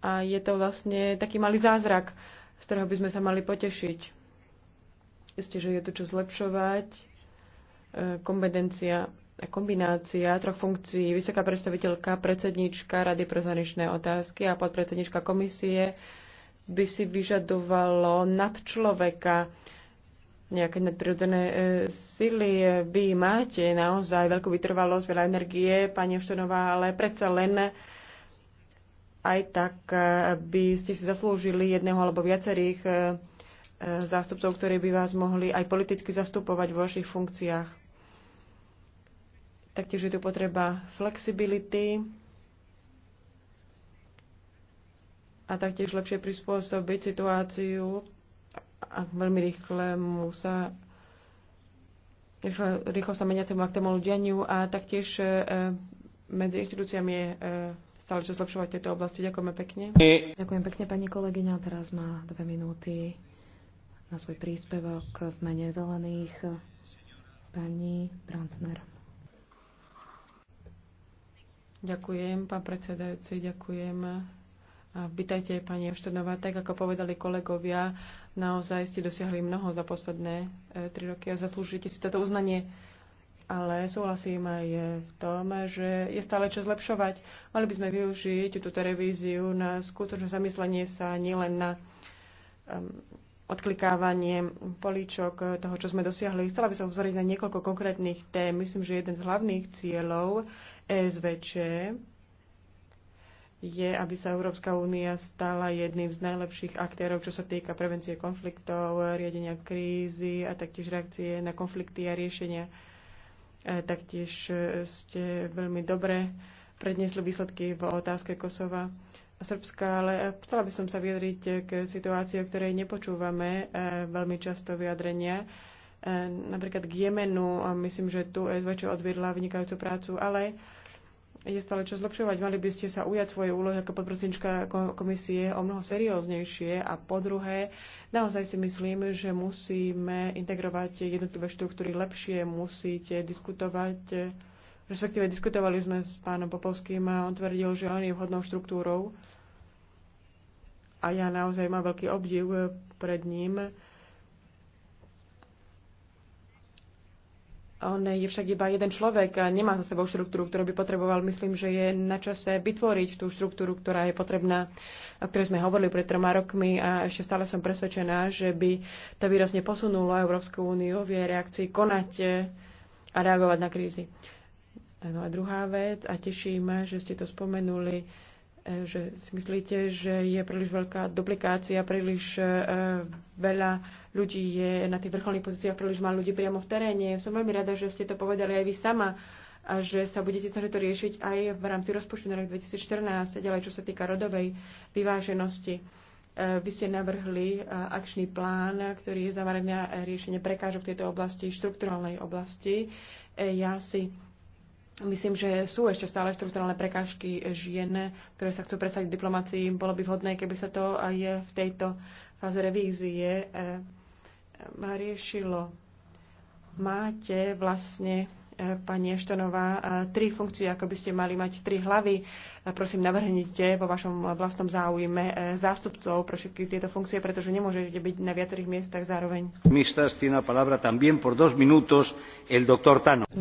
A je to vlastne taký malý zázrak, z ktorého by sme sa mali potešiť. Isté, že je tu čo zlepšovať. Eh, kompetencia a kombinácia troch funkcií vysoká predstaviteľka, predsednička Rady pre zahraničné otázky a podpredsednička komisie by si vyžadovalo nad človeka nejaké nadprirodzené e, sily. E, vy máte naozaj veľkú vytrvalosť, veľa energie, pani Oštenová, ale predsa len aj tak e, by ste si zaslúžili jedného alebo viacerých zástupcov, ktorí by vás mohli aj politicky zastupovať vo vašich funkciách. Taktiež je tu potreba flexibility a taktiež lepšie prispôsobiť situáciu a veľmi rýchle mu sa rýchlo, rýchlo sa meniacemu aktému dianiu a taktiež e, medzi inštitúciami je e, stále čo zlepšovať tejto oblasti. Ďakujeme pekne. Ďakujem pekne, pani kolegyňa. Teraz má dve minúty na svoj príspevok v mene zelených pani Brantner. Ďakujem, pán predsedajúci, ďakujem Vítajte, pani Oštenová. Tak ako povedali kolegovia, naozaj ste dosiahli mnoho za posledné e, tri roky a zaslúžite si toto uznanie. Ale súhlasím aj v tom, že je stále čo zlepšovať. Mali by sme využiť túto revíziu na skutočné zamyslenie sa nielen na um, odklikávanie políčok toho, čo sme dosiahli. Chcela by som vzoriť na niekoľko konkrétnych tém. Myslím, že jeden z hlavných cieľov ESVČ je, aby sa Európska únia stala jedným z najlepších aktérov, čo sa týka prevencie konfliktov, riadenia krízy a taktiež reakcie na konflikty a riešenia. E, taktiež e, ste veľmi dobre predniesli výsledky v otázke Kosova a Srbska, ale e, chcela by som sa vyjadriť k situácii, o ktorej nepočúvame veľmi často vyjadrenia. Napríklad k Jemenu, myslím, že tu SVČ odviedla vynikajúcu prácu, ale je stále čo zlepšovať. Mali by ste sa ujať svoje úlohy ako podpredsednička komisie o mnoho serióznejšie a po druhé, naozaj si myslím, že musíme integrovať jednotlivé štruktúry lepšie, musíte diskutovať, respektíve diskutovali sme s pánom Popovským a on tvrdil, že on je vhodnou štruktúrou a ja naozaj mám veľký obdiv pred ním On je však iba jeden človek a nemá za sebou štruktúru, ktorú by potreboval. Myslím, že je na čase vytvoriť tú štruktúru, ktorá je potrebná, o ktorej sme hovorili pred troma rokmi a ešte stále som presvedčená, že by to výrazne posunulo Európsku úniu v jej reakcii konať e, a reagovať na krízy. a druhá vec, a teší ma, že ste to spomenuli, že si myslíte, že je príliš veľká duplikácia, príliš e, veľa ľudí je na tých vrcholných pozíciách, príliš má ľudí priamo v teréne. Som veľmi rada, že ste to povedali aj vy sama a že sa budete snažiť to riešiť aj v rámci rozpočtu na rok 2014 a ďalej, čo sa týka rodovej vyváženosti. E, vy ste navrhli e, akčný plán, ktorý je zameraný na riešenie prekážok v tejto oblasti, štrukturálnej oblasti. Ja si Myslím, že sú ešte stále štruktúrálne prekážky žien, ktoré sa chcú predstaviť v diplomácii. Bolo by vhodné, keby sa to aj v tejto fáze revízie eh, eh, riešilo. Máte vlastne pani Eštonová, tri funkcie, ako by ste mali mať tri hlavy. Prosím, navrhnite vo vašom vlastnom záujme e, zástupcov pre všetky tieto funkcie, pretože nemôžete byť na viacerých miestach zároveň. V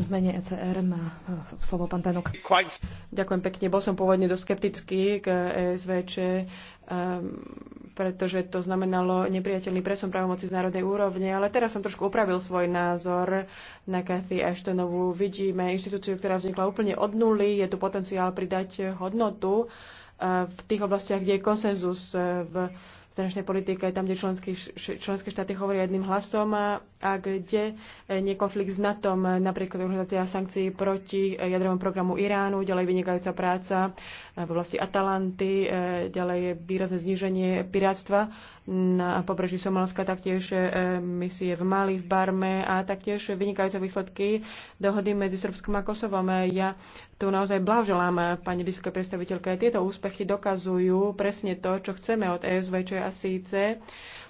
mene ECR má e, slovo pán Tanok. Ďakujem pekne. Bol som pôvodne dosť skeptický k e SVČ. Um, ehm, pretože to znamenalo nepriateľný presun právomoci z národnej úrovne. Ale teraz som trošku upravil svoj názor na Kathy Ashtonovú. Vidíme inštitúciu, ktorá vznikla úplne od nuly. Je tu potenciál pridať hodnotu eh, v tých oblastiach, kde je konsenzus eh, v zahraničnej politike, tam, kde členské, členské štáty hovoria jedným hlasom a, a kde e, nie konflikt s NATO, napríklad organizácia sankcií proti e, jadrovému programu Iránu, ďalej vynikajúca práca e, v oblasti Atalanty, ďalej výrazné zníženie piráctva na pobreží Somalska, taktiež misie v Mali, v Barme a taktiež vynikajúce výsledky dohody medzi Srbskom a Kosovom. Ja tu naozaj blahoželám eh, pani vysoká predstaviteľka. Tieto úspechy dokazujú presne to, čo chceme od ESV, čo je a síce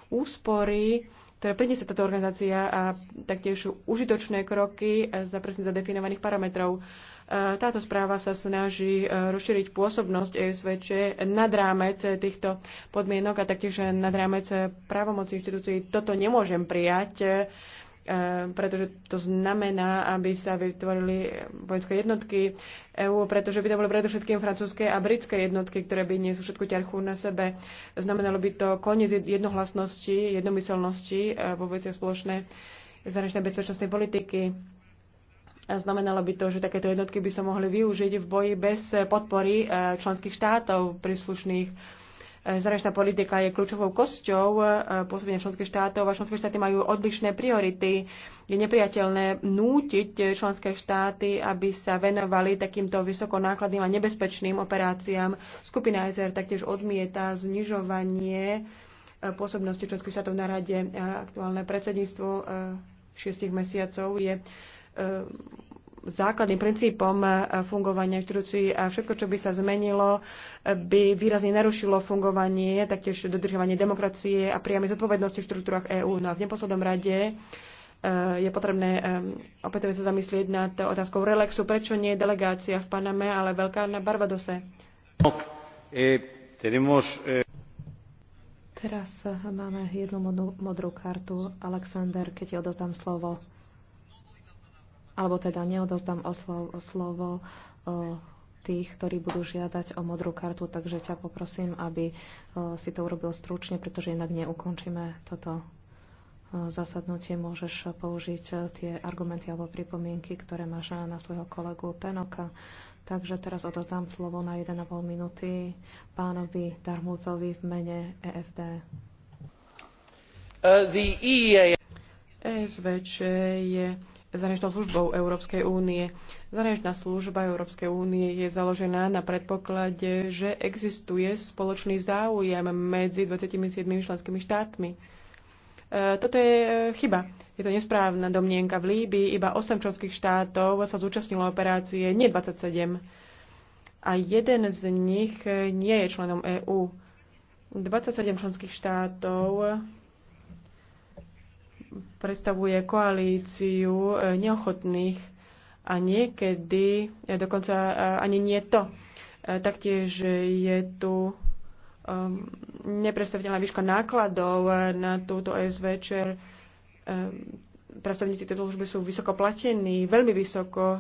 úspory, teda príde sa táto organizácia a taktiež užitočné kroky eh, za presne zadefinovaných parametrov. Eh, táto správa sa snaží rozšíriť pôsobnosť ESVČ nad rámec týchto podmienok a taktiež nad rámec právomocí inštitúcií. Toto nemôžem prijať Ehm, pretože to znamená, aby sa vytvorili vojenské jednotky EÚ, pretože by to bolo predovšetkým francúzske a britské jednotky, ktoré by nie sú všetku ťarchu na sebe. Znamenalo by to koniec jednohlasnosti, jednomyselnosti e, vo veciach spoločnej zahraničnej bezpečnostnej politiky. A znamenalo by to, že takéto jednotky by sa mohli využiť v boji bez podpory e, členských štátov príslušných Zahraničná politika je kľúčovou kosťou e, pôsobenia členských štátov a členské štáty majú odlišné priority. Je nepriateľné nútiť členské štáty, aby sa venovali takýmto vysokonákladným a nebezpečným operáciám. Skupina ECR taktiež odmieta znižovanie e, pôsobnosti členských štátov na rade. Aktuálne predsedníctvo e, šiestich mesiacov je základným princípom e, fungovania inštitúcií a všetko, čo by sa zmenilo, e, by výrazne narušilo fungovanie, taktiež dodržovanie demokracie a priame zodpovednosti v štruktúrach EÚ. No a v neposlednom rade e, je potrebné opätovne sa zamyslieť nad otázkou relaxu. Prečo nie je delegácia v Paname, ale veľká na Barbadose? Teraz máme jednu modrú kartu. Alexander, keď ti odozdám slovo alebo teda neodozdám oslov, slovo o tých, ktorí budú žiadať o modrú kartu, takže ťa poprosím, aby si to urobil stručne, pretože inak neukončíme toto zasadnutie môžeš použiť tie argumenty alebo pripomienky, ktoré máš na svojho kolegu Tenoka. Takže teraz odozdám slovo na 1,5 minúty pánovi Darmutovi v mene EFD. Uh, e, e e SVČ je zahraničnou službou Európskej únie. Zahraničná služba Európskej únie je založená na predpoklade, že existuje spoločný záujem medzi 27 členskými štátmi. E, toto je e, chyba. Je to nesprávna domnienka. V Líbii iba 8 členských štátov sa zúčastnilo operácie, nie 27. A jeden z nich nie je členom EÚ. 27 členských štátov predstavuje koalíciu eh, neochotných a niekedy eh, dokonca eh, ani nie to. Taktiež je tu ehm, nepredstaviteľná výška nákladov na túto SVČ. Ehm, pracovníci tejto služby sú vysoko platení, veľmi vysoko.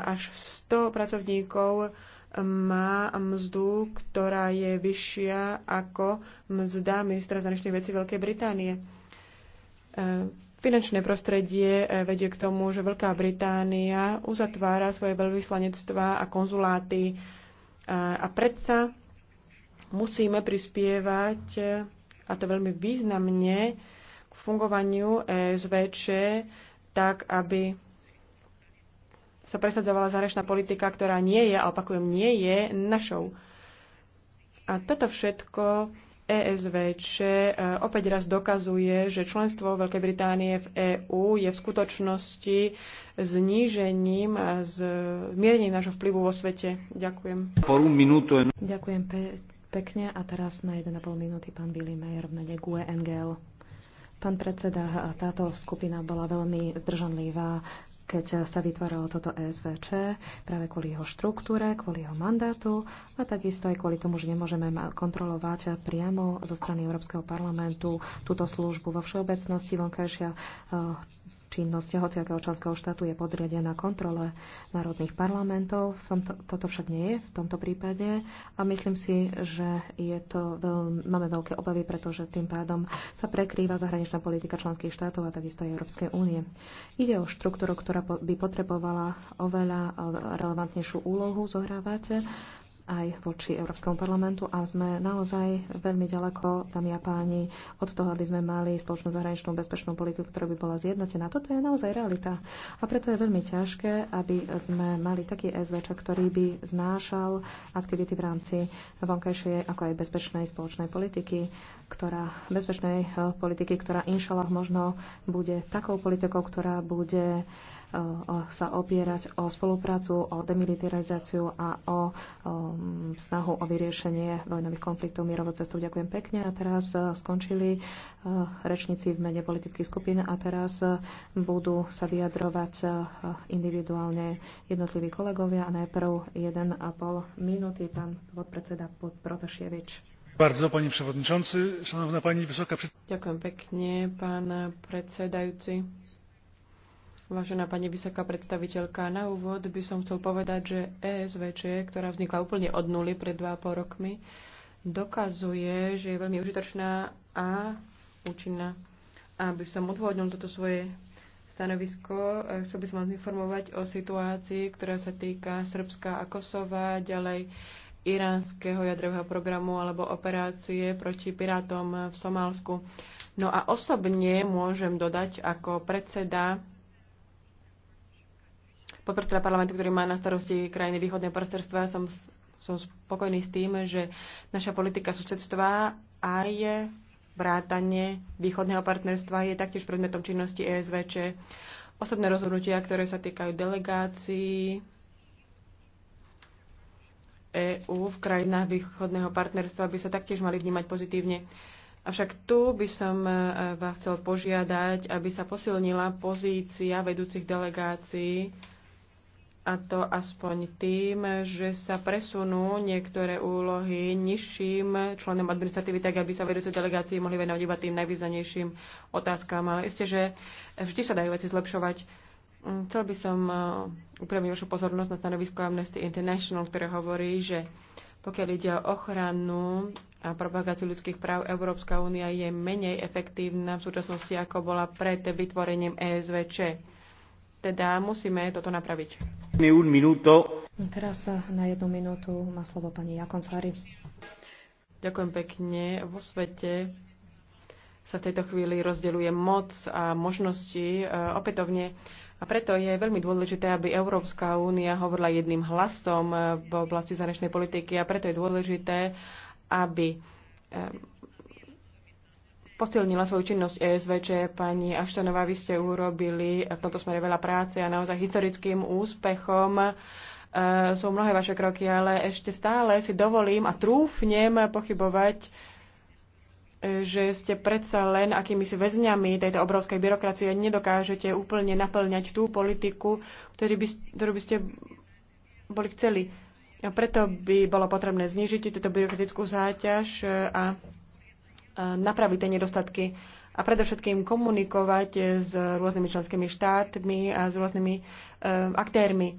Až 100 pracovníkov má mzdu, ktorá je vyššia ako mzda ministra zahraničných vecí Veľkej Británie E, finančné prostredie e, vedie k tomu, že Veľká Británia uzatvára svoje veľvyslanectvá a konzuláty e, a predsa musíme prispievať, a to veľmi významne, k fungovaniu ESVČ tak, aby sa presadzovala zahraničná politika, ktorá nie je, a opakujem, nie je našou. A toto všetko ESVČ e, opäť raz dokazuje, že členstvo Veľkej Británie v EÚ je v skutočnosti znížením a zmiernením nášho vplyvu vo svete. Ďakujem. Ďakujem pe- pekne a teraz na 1,5 minúty pán Billy Mayer v mene GUE NGL. Pán predseda, táto skupina bola veľmi zdržanlivá keď sa vytváralo toto ESVČ, práve kvôli jeho štruktúre, kvôli jeho mandátu a takisto aj kvôli tomu, že nemôžeme kontrolovať priamo zo strany Európskeho parlamentu túto službu. Vo všeobecnosti vonkajšia eh, činnosť hociakého členského štátu je podriadená kontrole národných parlamentov. V tomto, toto však nie je v tomto prípade a myslím si, že je to veľ, máme veľké obavy, pretože tým pádom sa prekrýva zahraničná politika členských štátov a takisto aj Európskej únie. Ide o štruktúru, ktorá by potrebovala oveľa e, relevantnejšiu úlohu zohrávať aj voči Európskemu parlamentu a sme naozaj veľmi ďaleko, dámy a páni, od toho, aby sme mali spoločnú zahraničnú bezpečnú politiku, ktorá by bola zjednotená. Toto je naozaj realita. A preto je veľmi ťažké, aby sme mali taký SVČ, ktorý by znášal aktivity v rámci vonkajšej ako aj bezpečnej spoločnej politiky, ktorá, bezpečnej eh, politiky, ktorá inšala možno bude takou politikou, ktorá bude sa opierať o spoluprácu, o demilitarizáciu a o snahu o vyriešenie vojnových konfliktov mierovou cestou. Ďakujem pekne a teraz e, skončili e, rečníci v mene politických skupín a teraz e, budú sa vyjadrovať individuálne jednotliví kolegovia a najprv 1,5 minúty pán podpredseda Protaševič. Bardzo, pani przewodniczący, szanowna pani wysoka przedstawiciel. Ďakujem pekne, pán predsedajúci. Vážená pani vysoká predstaviteľka, na úvod by som chcel povedať, že ESVČ, ktorá vznikla úplne od nuly pred 2,5 rokmi, dokazuje, že je veľmi užitočná a účinná. Aby som odvodnil toto svoje stanovisko, e, chcel by som vás informovať o situácii, ktorá sa týka Srbska a Kosova, ďalej iránskeho jadrového programu alebo operácie proti pirátom v Somálsku. No a osobne môžem dodať ako predseda podpredseda parlamentu, ktorý má na starosti krajiny východného prsterstva, som, som spokojný s tým, že naša politika susedstva aj vrátanie východného partnerstva je taktiež predmetom činnosti ESVČ. Osobné rozhodnutia, ktoré sa týkajú delegácií EÚ v krajinách východného partnerstva, by sa taktiež mali vnímať pozitívne. Avšak tu by som e, vás chcel požiadať, aby sa posilnila pozícia vedúcich delegácií a to aspoň tým, že sa presunú niektoré úlohy nižším členom administratívy, tak aby sa vedúce delegácii mohli venovať iba tým najvýznamnejším otázkam. Ale isté, že vždy sa dajú veci zlepšovať. Mm, Chcel by som eh, upriamiť vašu pozornosť na stanovisko Amnesty International, ktoré hovorí, že pokiaľ ide o ochranu a propagáciu ľudských práv, Európska únia je menej efektívna v súčasnosti, ako bola pred vytvorením ESVČ teda musíme toto napraviť. No teraz na jednu minútu má slovo pani Jakoncári. Ďakujem pekne. Vo svete sa v tejto chvíli rozdeľuje moc a možnosti e, opätovne. A preto je veľmi dôležité, aby Európska únia hovorila jedným hlasom e, v oblasti zahraničnej politiky a preto je dôležité, aby e, posilnila svoju činnosť ESVČ. Pani Aštanová, vy ste urobili v tomto smere veľa práce a naozaj historickým úspechom e, sú mnohé vaše kroky, ale ešte stále si dovolím a trúfnem pochybovať, e, že ste predsa len akýmisi väzňami tejto obrovskej byrokracie nedokážete úplne naplňať tú politiku, ktorý by, ktorú by ste boli chceli. A preto by bolo potrebné znižiť túto byrokratickú záťaž e, a napraviť tie nedostatky a predovšetkým komunikovať s rôznymi členskými štátmi a s rôznymi e, aktérmi.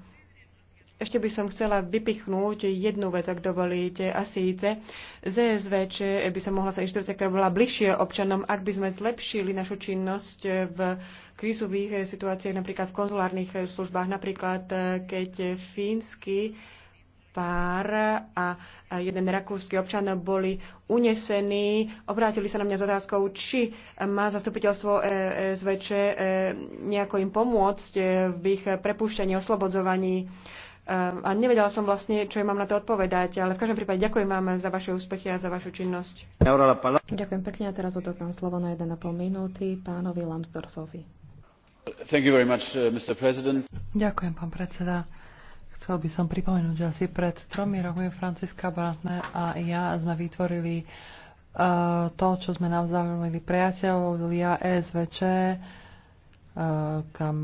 Ešte by som chcela vypichnúť jednu vec, ak dovolíte, a síce či by sa mohla sa inštitúcia, ktorá bola bližšie občanom, ak by sme zlepšili našu činnosť v krízových situáciách, napríklad v konzulárnych službách, napríklad e, keď fínsky pár a jeden rakúsky občan boli unesení. Obrátili sa na mňa s otázkou, či má zastupiteľstvo e, e SVČ e, nejako im pomôcť v ich prepúšťaní, oslobodzovaní. A nevedela som vlastne, čo im mám na to odpovedať, ale v každom prípade ďakujem vám za vaše úspechy a za vašu činnosť. Ďakujem pekne a teraz odozdám slovo na 1,5 minúty pánovi Lambsdorfovi. Much, uh, Ďakujem, pán predseda. Chcel by som pripomenúť, že asi pred tromi rokmi Franciska Brantner a ja sme vytvorili uh, to, čo sme navzájomili priateľovia SVČ, uh, e, kam,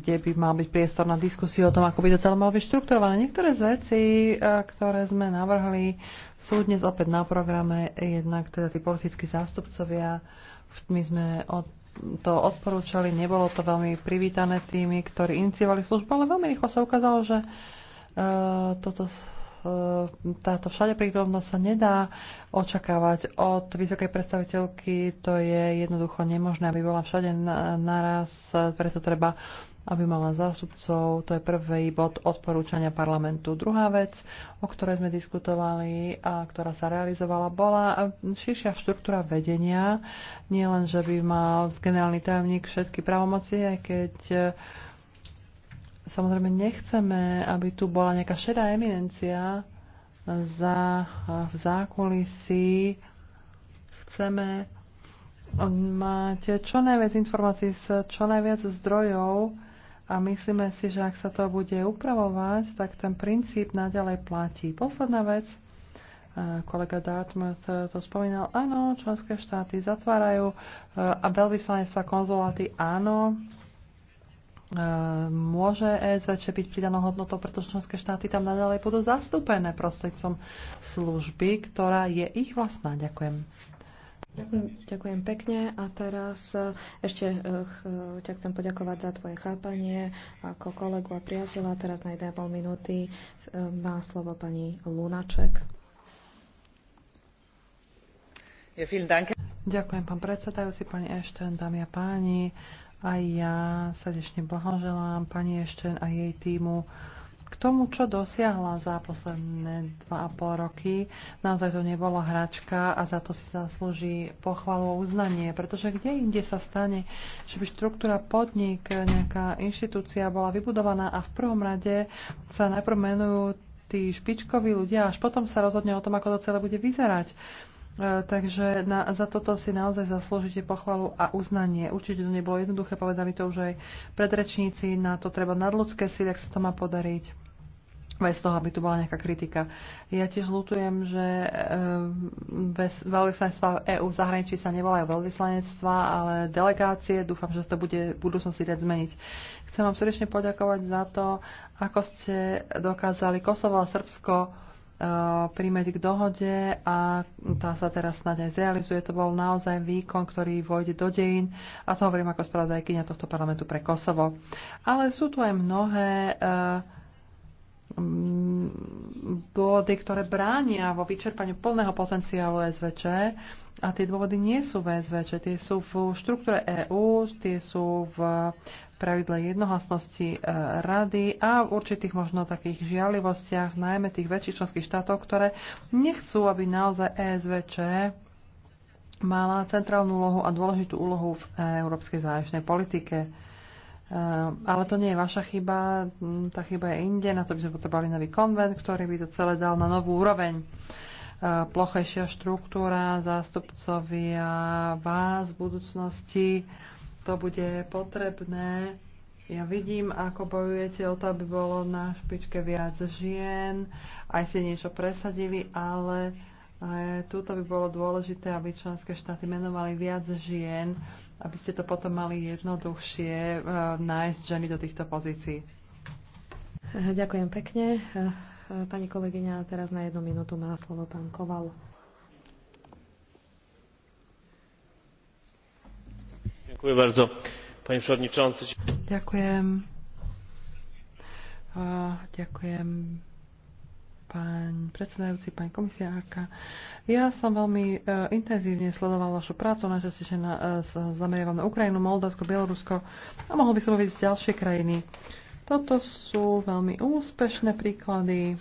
kde by mal byť priestor na diskusiu o tom, ako by to celé malo byť štrukturované. Niektoré z vecí, uh, ktoré sme navrhli, sú dnes opäť na programe, jednak teda tí politickí zástupcovia. My sme od to odporúčali, nebolo to veľmi privítané tými, ktorí iniciovali službu, ale veľmi rýchlo sa ukázalo, že uh, toto e, táto všade prírodnosť sa nedá očakávať od vysokej predstaviteľky. To je jednoducho nemožné, aby bola všade naraz, preto treba aby mala zástupcov. To je prvý bod odporúčania parlamentu. Druhá vec, o ktorej sme diskutovali a ktorá sa realizovala, bola širšia štruktúra vedenia. Nie len, že by mal generálny tajomník všetky právomoci, aj keď e, samozrejme nechceme, aby tu bola nejaká šedá eminencia za, e, v zákulisí. Chceme mať čo najviac informácií z čo najviac zdrojov, a myslíme si, že ak sa to bude upravovať, tak ten princíp naďalej platí. Posledná vec, e, kolega Dartmouth to spomínal, áno, členské štáty zatvárajú e, a veľvyslanectva konzuláty, áno, e, môže ESVČ byť pridanou hodnotou, pretože členské štáty tam naďalej budú zastúpené prostredcom služby, ktorá je ich vlastná. Ďakujem. Ďakujem, ďakujem pekne a teraz eh, ešte eh, eh, ťa chcem poďakovať za tvoje chápanie ako kolegu a priateľa. Teraz na pol minúty má slovo pani Lunaček. ďakujem, pán predsedajúci, pani Ešten, dámy a páni. Aj ja srdečne blahoželám pani Ešten a jej týmu k tomu, čo dosiahla za posledné 2,5 roky, naozaj to nebola hračka a za to si zaslúži pochvalu a uznanie, pretože kde inde sa stane, že by štruktúra podnik, nejaká inštitúcia bola vybudovaná a v prvom rade sa najprv menujú tí špičkoví ľudia, až potom sa rozhodne o tom, ako to celé bude vyzerať. E, takže na, za toto si naozaj zaslúžite pochvalu a uznanie. Určite to nebolo jednoduché, povedali to už aj predrečníci, na to treba nadľudské síly, ak sa to má podariť bez toho, aby tu bola nejaká kritika. Ja tiež lutujem, že ehm, bez veľvyslanectva EÚ v zahraničí sa nevolajú veľvyslanectva, ale delegácie. Dúfam, že to bude v budúcnosti dať zmeniť. Chcem vám srdečne poďakovať za to, ako ste dokázali Kosovo a Srbsko ehm, prímeť k dohode a tá sa teraz snáď aj zrealizuje. To bol naozaj výkon, ktorý vojde do dejín a to hovorím ako spravodajkynia tohto parlamentu pre Kosovo. Ale sú tu aj mnohé uh, dôvody, ktoré bránia vo vyčerpaniu plného potenciálu SVČ a tie dôvody nie sú v SVČ, tie sú v štruktúre EÚ, tie sú v pravidle jednohlasnosti e, rady a v určitých možno takých žialivostiach, najmä tých väčších členských štátov, ktoré nechcú, aby naozaj ESVČ mala centrálnu úlohu a dôležitú úlohu v e, európskej záležnej politike. Eh, ale to nie je vaša chyba, hm, tá chyba je inde, na to by sme potrebovali nový konvent, ktorý by to celé dal na novú úroveň. Eh, plochejšia štruktúra, zástupcovia vás v budúcnosti, to bude potrebné. Ja vidím, ako bojujete o to, aby bolo na špičke viac žien, aj si niečo presadili, ale ale tuto by bolo dôležité, aby členské štáty menovali viac žien, aby ste to potom mali jednoduchšie e, nájsť ženy do týchto pozícií. Ďakujem pekne. Eh, pani kolegyňa, teraz na jednu minútu má slovo pán Koval. Ďakujem bardzo, pani przewodnicząca. Ďakujem. Eh, ďakujem pán predsedajúci, pán komisiárka. Ja som veľmi e, intenzívne sledoval vašu prácu, najčastejšie na, e, sa zameriavam na Ukrajinu, Moldavsko, Bielorusko a mohol by som povedať ďalšie krajiny. Toto sú veľmi úspešné príklady.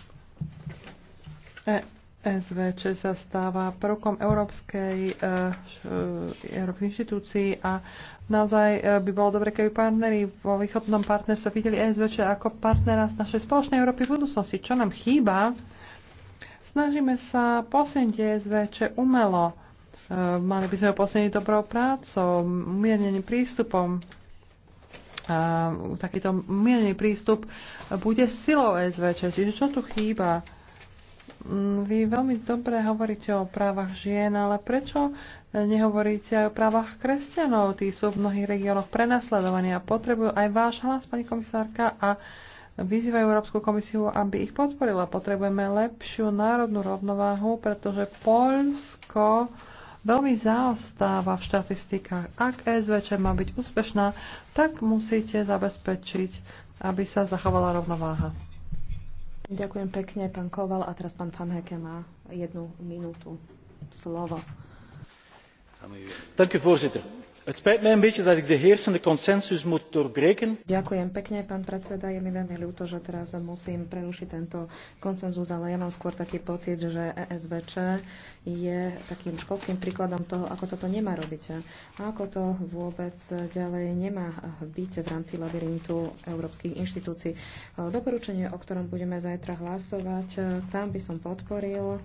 E, SVČ sa stáva prvkom európskej, eh, eh, európskej inštitúcií a naozaj eh, by bolo dobre, keby partneri vo východnom partnerstve videli SVČ ako partnera z našej spoločnej Európy v budúcnosti. Čo nám chýba? Snažíme sa posilniť SVČ umelo. Mali by sme ho posilniť dobrou prácou, umierneným prístupom. A takýto umiernený prístup bude silou SVČ. Čiže čo tu chýba? Mm, vy veľmi dobre hovoríte o právach žien, ale prečo nehovoríte aj o právach kresťanov? Tí sú v mnohých regiónoch prenasledovaní a potrebujú aj váš hlas, pani komisárka, a vyzývajú Európsku komisiu, aby ich podporila. Potrebujeme lepšiu národnú rovnováhu, pretože Polsko veľmi zaostáva v štatistikách. Ak SVČ má byť úspešná, tak musíte zabezpečiť, aby sa zachovala rovnováha. Ďakujem pekne, pán Koval. A teraz pán Fanheke má jednu minútu slovo. Dank u voorzitter. Het spijt mij een beetje dat ik de heersende consensus moet doorbreken. Ďakujem pekne, pán predseda. Je mi veľmi ľúto, že teraz musím prerušiť tento konsenzus, ale ja mám skôr taký pocit, že ESVČ je takým školským príkladom toho, ako sa to nemá robiť a ako to vôbec ďalej nemá byť v rámci labyrintu európskych inštitúcií. Doporučenie, o ktorom budeme zajtra hlasovať, tam by som podporil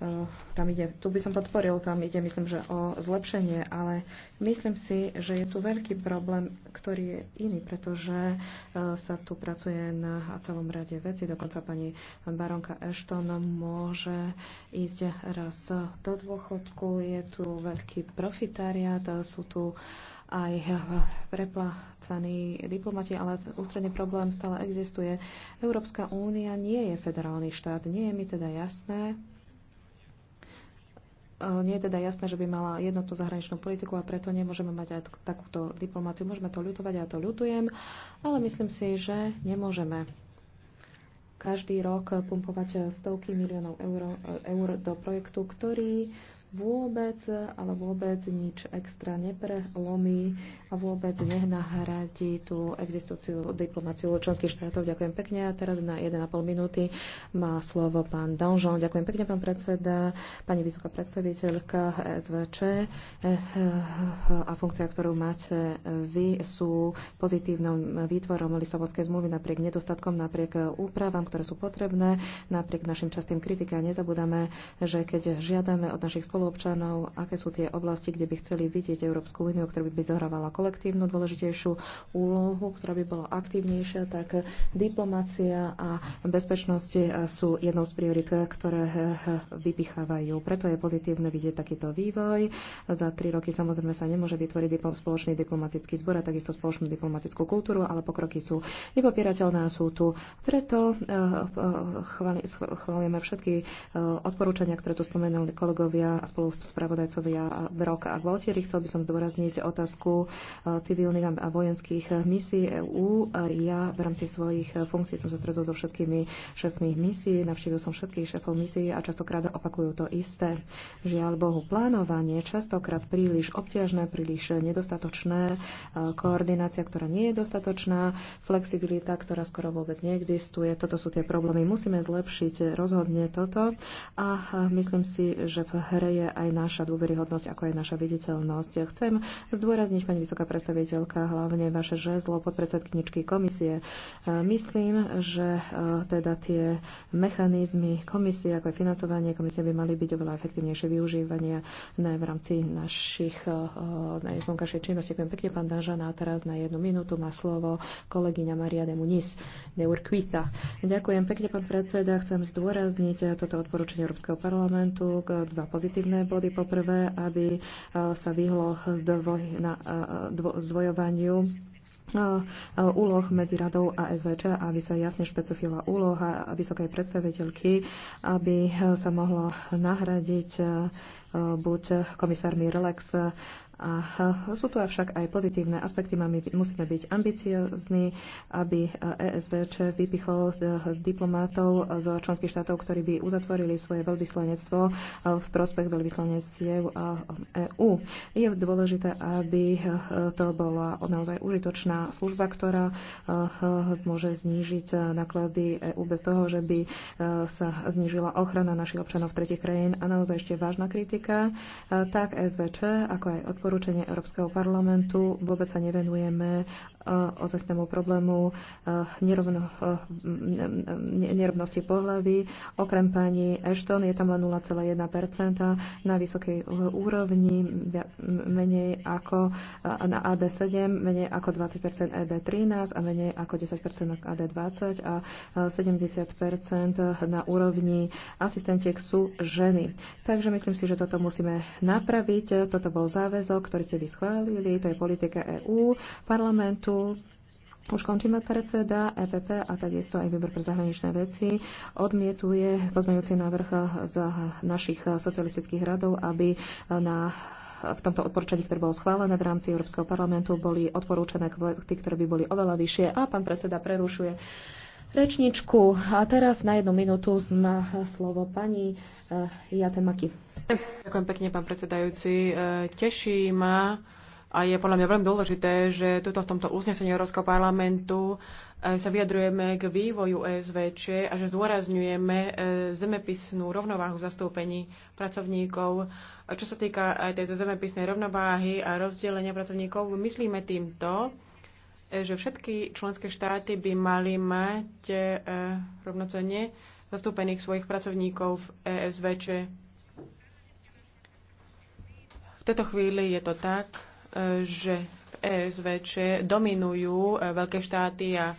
Eh, tam ide, tu by som podporil, tam ide myslím, že o zlepšenie, ale myslím si, že je tu veľký problém, ktorý je iný, pretože eh, sa tu pracuje na celom rade veci, dokonca pani baronka Ashton môže ísť raz do dôchodku, je tu veľký profitariat, sú tu aj preplácaní diplomati, ale ústredný problém stále existuje. Európska únia nie je federálny štát, nie je mi teda jasné, E, nie je teda jasné, že by mala jednotnú zahraničnú politiku a preto nemôžeme mať aj takúto diplomáciu. Môžeme to ľutovať, ja to ľutujem, ale myslím si, že nemôžeme každý rok pumpovať stovky miliónov eur, e, eur do projektu, ktorý vôbec, ale vôbec nič extra neprelomí a vôbec nenahradí tú existúciu diplomáciu členských štátov. Ďakujem pekne. A teraz na 1,5 minúty má slovo pán Danžon. Ďakujem pekne, pán predseda, pani vysoká predstaviteľka SVČ a funkcia, ktorú máte vy, sú pozitívnym výtvorom Lisabonskej zmluvy napriek nedostatkom, napriek úpravám, ktoré sú potrebné, napriek našim častým kritikám. nezabudame, že keď žiadame od našich spoločných spoluobčanov, aké sú tie oblasti, kde by chceli vidieť Európsku úniu, ktorá by zohrávala kolektívnu dôležitejšiu úlohu, ktorá by bola aktívnejšia, tak diplomácia a bezpečnosť sú jednou z priorit, ktoré vypichávajú. Preto je pozitívne vidieť takýto vývoj. Za tri roky samozrejme sa nemôže vytvoriť spoločný diplomatický zbor a takisto spoločnú diplomatickú kultúru, ale pokroky sú nepopierateľné a sú tu. Preto eh, chvalujeme všetky eh, odporúčania, ktoré tu spomenuli kolegovia a spolu spravodajcovia Brok a Gualtieri. Chcel by som zdôrazniť otázku eh, civilných a vojenských misií EÚ. Ja v rámci svojich funkcií som sa stretol so všetkými šéfmi misií, navštívil som všetkých šéfov misií a častokrát opakujú to isté. Žiaľ Bohu, plánovanie častokrát príliš obťažné, príliš nedostatočné, eh, koordinácia, ktorá nie je dostatočná, flexibilita, ktorá skoro vôbec neexistuje. Toto sú tie problémy. Musíme zlepšiť rozhodne toto a eh, myslím si, že v hre je je aj naša dôveryhodnosť, ako aj naša viditeľnosť. Chcem zdôrazniť, pani vysoká predstaviteľka, hlavne vaše žezlo podpredsedkyničky komisie. E, myslím, že e, teda tie mechanizmy komisie, ako aj financovanie komisie by mali byť oveľa efektívnejšie využívania ne, v rámci našich e, najzvonkajšej činnosti. Ďakujem pekne, pán Danžana. A teraz na jednu minútu má slovo kolegyňa Maria de Muniz de Urquita. Ďakujem pekne, pán predseda. Chcem zdôrazniť toto odporúčanie Európskeho parlamentu. Dva pozitívne pozitívne body. Poprvé, aby e, sa vyhlo zdvoj, na, e, dvo, zdvojovaniu e, úloh medzi radou a SVČ, aby sa jasne špecifila úloha vysokej predstaviteľky, aby sa mohlo nahradiť buď komisármi Relax a sú tu avšak aj pozitívne aspekty. My musíme byť ambiciozní, aby ESVČ vypichol e, diplomátov z členských štátov, ktorí by uzatvorili svoje veľvyslanectvo e, v prospech veľvyslanectiev EÚ. E Je dôležité, aby to bola naozaj užitočná služba, ktorá môže znížiť náklady EÚ bez toho, že by sa znížila ochrana našich občanov v tretich krajín. A naozaj ešte vážna kritika, tak SVČ, ako aj odporúčanie, odporúčania Európskeho parlamentu. Vôbec sa nevenujeme e, ozajstnému problému e, nerovno, e, nerovnosti pohľavy. Okrem pani Ashton je tam len 0,1% na vysokej úrovni, menej ako na AD7, menej ako 20% ED13 a menej ako 10% na AD20 a 70% na úrovni asistentiek sú ženy. Takže myslím si, že toto musíme napraviť. Toto bol záväzok záväzok, ktorý ste vy schválili, to je politika EÚ, parlamentu, už končíme predseda, EPP a takisto aj výbor pre zahraničné veci odmietuje pozmeňujúci návrh z našich socialistických radov, aby na v tomto odporúčaní, ktoré bolo schválené v rámci Európskeho parlamentu, boli odporúčané kvóty, ktoré by boli oveľa vyššie a pán predseda prerušuje rečničku. A teraz na jednu minútu má slovo pani eh, Jatemaki. Ďakujem pekne, pán predsedajúci. Eh, teší ma a je podľa mňa veľmi dôležité, že tuto v tomto uznesení Európskeho parlamentu eh, sa vyjadrujeme k vývoju ESVČ a že zdôrazňujeme zemepisnú rovnováhu zastúpení pracovníkov. Čo sa týka aj tej zemepisnej rovnováhy a rozdelenia pracovníkov, myslíme týmto, že všetky členské štáty by mali mať e, rovnocenne zastúpených svojich pracovníkov v ESVČ. V tejto chvíli je to tak, e, že v ESVČ dominujú e, veľké štáty a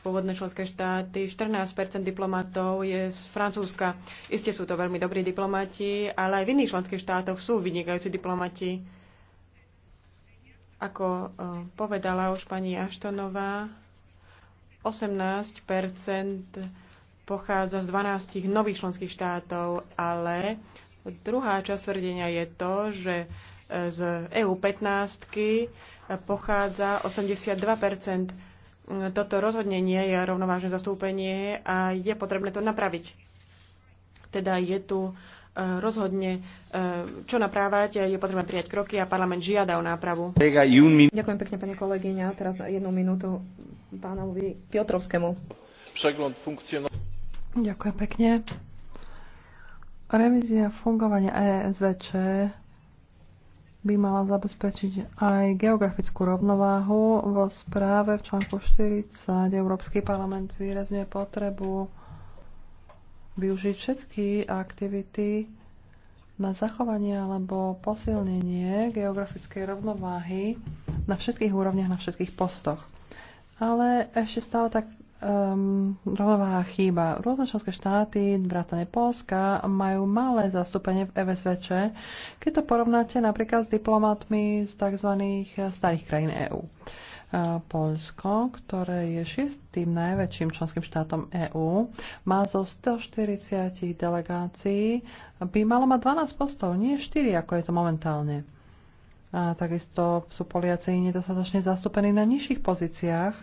pôvodné členské štáty. 14 diplomatov je z Francúzska. Isté sú to veľmi dobrí diplomati, ale aj v iných členských štátoch sú vynikajúci diplomati. Ako e, povedala už pani Aštonová, 18 pochádza z 12 nových členských štátov, ale druhá časť tvrdenia je to, že e, z EU15 pochádza 82 Toto rozhodne nie je rovnovážne zastúpenie a je potrebné to napraviť. Teda je tu Eh, rozhodne eh, čo naprávať, je potrebné prijať kroky a parlament žiada o nápravu. Ďakujem pekne, pani kolegyňa. Teraz na jednu minútu pánovi Piotrovskému. Ďakujem pekne. Revízia fungovania ESVČ by mala zabezpečiť aj geografickú rovnováhu. Vo správe v článku 40 Európsky parlament zvýrazňuje potrebu využiť všetky aktivity na zachovanie alebo posilnenie geografickej rovnováhy na všetkých úrovniach, na všetkých postoch. Ale ešte stále tak um, rovnováha chýba. Rôzne členské štáty, vrátane Polska, majú malé zastúpenie v EVSVČ, keď to porovnáte napríklad s diplomatmi z tzv. starých krajín EÚ. Polsko, ktoré je šiestým najväčším členským štátom EÚ, má zo 140 delegácií, by malo mať 12 postov, nie 4, ako je to momentálne. A takisto sú Poliaci nedostatočne zastúpení na nižších pozíciách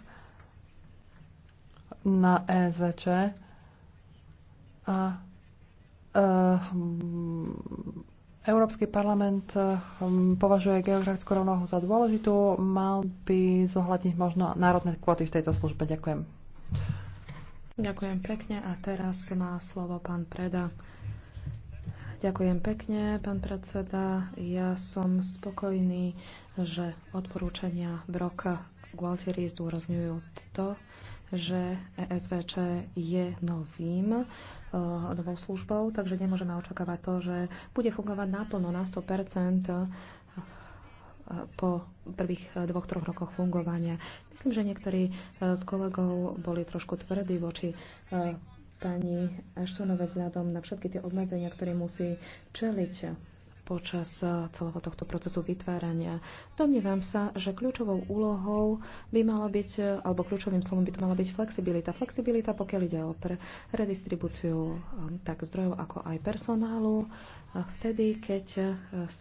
na ESVČ a uh, Európsky parlament hm, považuje geografickú rovnohu za dôležitú. Mal by zohľadniť možno národné kvóty v tejto službe. Ďakujem. Ďakujem pekne a teraz má slovo pán Preda. Ďakujem pekne, pán predseda. Ja som spokojný, že odporúčania Broka Gualtieri zdôrazňujú to, že ESVČ je novým, e, novou službou, takže nemôžeme očakávať to, že bude fungovať naplno na 100% e, po prvých e, dvoch, troch rokoch fungovania. Myslím, že niektorí z kolegov boli trošku tvrdí voči pani Aštonove vzhľadom na všetky tie obmedzenia, ktoré musí čeliť počas eh, celého tohto procesu vytvárania. Domnievam sa, že kľúčovou úlohou by mala byť, eh, alebo kľúčovým slovom by to mala byť flexibilita. Flexibilita, pokiaľ ide o pre redistribúciu eh, tak zdrojov ako aj personálu, vtedy, keď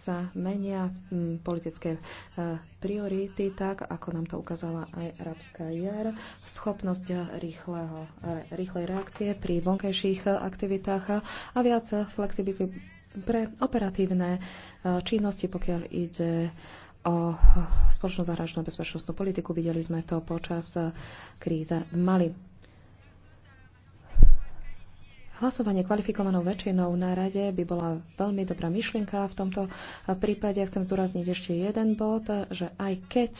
sa menia hm, politické priority, tak ako nám to ukázala aj arabská jar, schopnosť rýchleho, rýchlej reakcie pri vonkajších aktivitách a viac flexibility pre operatívne e, činnosti, pokiaľ ide o spoločnú zahraničnú bezpečnostnú politiku. Videli sme to počas e, kríze v Mali. Hlasovanie kvalifikovanou väčšinou na rade by bola veľmi dobrá myšlienka. V tomto prípade chcem zdôrazniť ešte jeden bod, že aj keď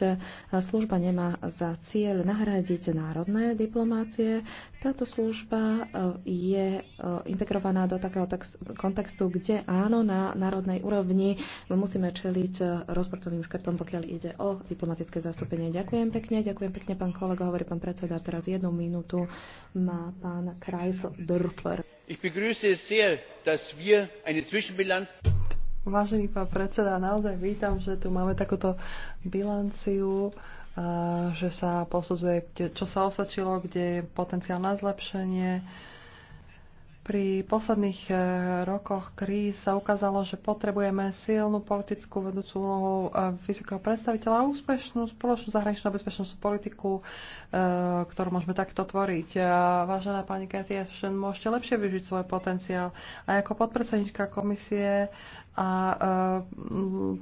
služba nemá za cieľ nahradiť národné diplomácie, táto služba e, je e, integrovaná do takého kontextu, kde áno, na národnej úrovni musíme čeliť e, rozportovým škrtom, pokiaľ ide o diplomatické zastúpenie. Ďakujem pekne, ďakujem pekne, pán kolega, hovorí pán predseda. Teraz jednu minútu má pán Kreisdorfer ich begrüße es sehr dass wir eine zwischenbilanz Vážený pán predseda, naozaj vítam, že tu máme takúto bilanciu, že sa posudzuje, čo sa osvedčilo, kde je potenciál na zlepšenie pri posledných e, rokoch kríz sa ukázalo, že potrebujeme silnú politickú vedúcu úlohu e, vysokého predstaviteľa a úspešnú spoločnú zahraničnú bezpečnostnú politiku, e, ktorú môžeme takto tvoriť. Vážená pani Cathy Ashton, môžete lepšie využiť svoj potenciál. A ako podpredsednička komisie a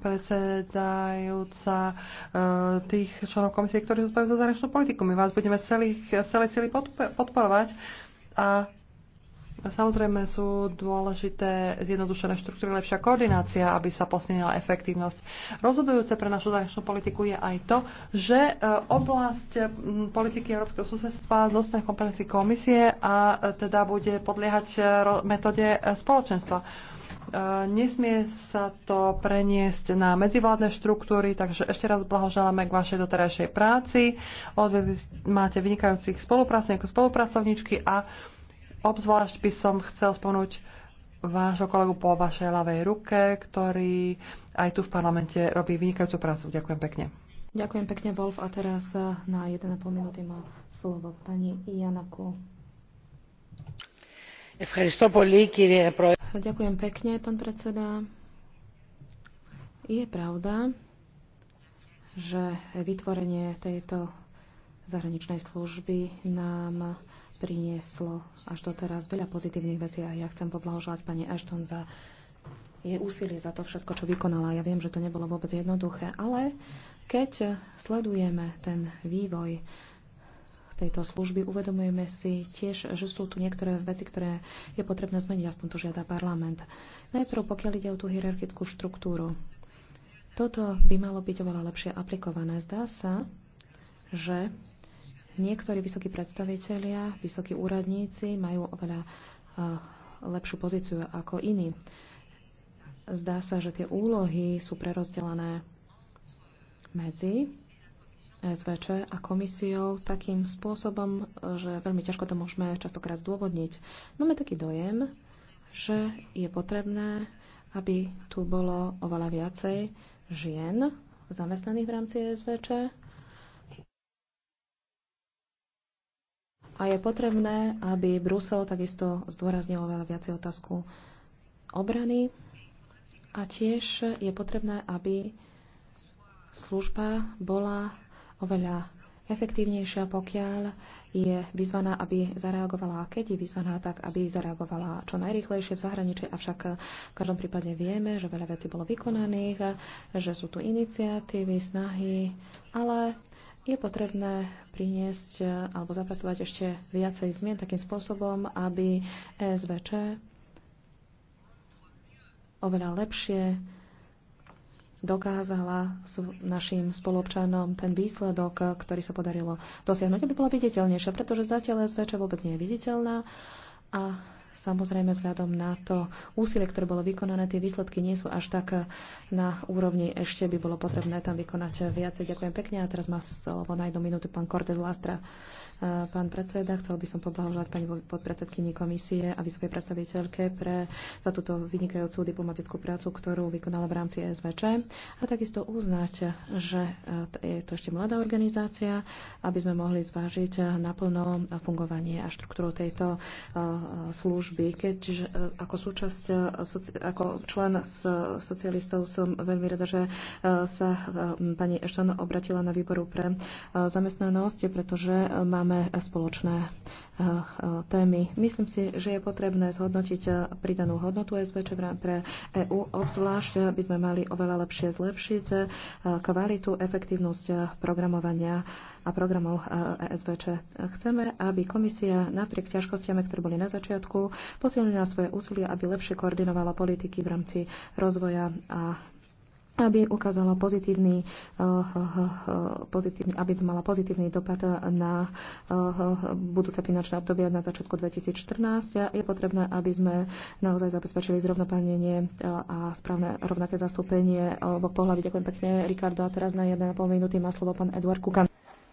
predsedajúca tých členov komisie, ktorí zodpovedajú za zahraničnú politiku. My vás budeme celých, celé sily podporovať a Samozrejme sú dôležité zjednodušené štruktúry, lepšia koordinácia, aby sa posnenila efektívnosť. Rozhodujúce pre našu zahraničnú politiku je aj to, že e, oblasť politiky európskeho susedstva zostane v kompetencii komisie a e, teda bude podliehať e, metóde spoločenstva. Nesmie sa to preniesť na medzivládne štruktúry, takže ešte raz blahoželáme k vašej doterajšej práci. Odvedli máte vynikajúcich spolupracovníkov, spolupracovníčky a Obzvlášť by som chcel spomnúť vášho kolegu po vašej ľavej ruke, ktorý aj tu v parlamente robí vynikajúcu prácu. Ďakujem pekne. Ďakujem pekne, Wolf. A teraz eh, na 1,5 minúty má slovo pani Janaku. Ďakujem pekne, pán predseda. Je pravda, že vytvorenie tejto zahraničnej služby nám prinieslo až do teraz veľa pozitívnych vecí a ja chcem poblahožovať pani Ashton za jej úsilie, za to všetko, čo vykonala. Ja viem, že to nebolo vôbec jednoduché, ale keď sledujeme ten vývoj tejto služby, uvedomujeme si tiež, že sú tu niektoré veci, ktoré je potrebné zmeniť, aspoň to žiada parlament. Najprv, pokiaľ ide o tú hierarchickú štruktúru. Toto by malo byť oveľa lepšie aplikované. Zdá sa, že Niektorí vysokí predstavitelia, vysokí úradníci majú oveľa lepšiu pozíciu ako iní. Zdá sa, že tie úlohy sú prerozdelené medzi SVČ a komisiou takým spôsobom, že veľmi ťažko to môžeme častokrát zdôvodniť. Máme taký dojem, že je potrebné, aby tu bolo oveľa viacej žien zamestnaných v rámci SVČ A je potrebné, aby Brusel takisto zdôraznil oveľa viacej otázku obrany. A tiež je potrebné, aby služba bola oveľa efektívnejšia, pokiaľ je vyzvaná, aby zareagovala, a keď je vyzvaná, tak aby zareagovala čo najrychlejšie v zahraničí. Avšak v každom prípade vieme, že veľa vecí bolo vykonaných, že sú tu iniciatívy, snahy, ale je potrebné priniesť e, alebo zapracovať ešte viacej zmien takým spôsobom, aby ESVČ oveľa lepšie dokázala s našim spolupčanom ten výsledok, e, ktorý sa podarilo dosiahnuť, aby bola viditeľnejšia, pretože zatiaľ e SVČ vôbec nie je viditeľná a Samozrejme, vzhľadom na to úsilie, ktoré bolo vykonané, tie výsledky nie sú až tak na úrovni. Ešte by bolo potrebné tam vykonať viacej. Ďakujem pekne. A teraz má slovo na jednu minútu pán Cortez Lastra. E, pán predseda, chcel by som poblahoželať pani podpredsedkyni komisie a vysokej predstaviteľke pre, za túto vynikajúcu diplomatickú prácu, ktorú vykonala v rámci SVČ. A takisto uznať, že e, je to ešte mladá organizácia, aby sme mohli zvážiť naplno fungovanie a štruktúru tejto e, služby služby. Keďže e, ako, súčasť, e, ako člen s socialistov som veľmi rada, že e, sa pani Eštan obratila na výboru pre zamestnanosť, pretože máme spoločné témy. Myslím si, že je potrebné zhodnotiť pridanú hodnotu SVČ pre EÚ. Obzvlášť by sme mali oveľa lepšie zlepšiť kvalitu, efektívnosť programovania a programov e, e ESVČ. Chceme, aby komisia napriek ťažkostiam, ktoré boli na začiatku, posilnila svoje úsilie, aby lepšie koordinovala politiky v rámci rozvoja a aby ukázala pozitívny, e, pozitívny, aby to mala pozitívny dopad na budúce finančné obdobie na začiatku 2014. Je potrebné, aby sme naozaj zabezpečili zrovnoplnenie a správne rovnaké zastúpenie oboch pohľaví. Ďakujem pekne, Ricardo. A teraz na 1,5 minúty má slovo pán Eduard Kukan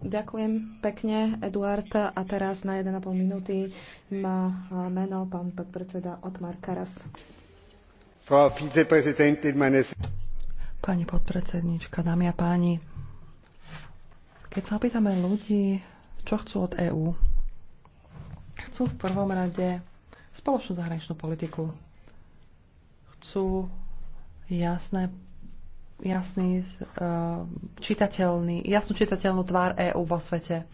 Ďakujem pekne, Eduard. A teraz na 1,5 minúty má meno pán podpredseda Otmar Karas. Pani podpredsednička, dámy a páni, keď sa opýtame ľudí, čo chcú od EÚ, chcú v prvom rade spoločnú zahraničnú politiku. Chcú jasné jasný, eh, čitateľný, jasnú čitateľnú tvár EÚ vo svete.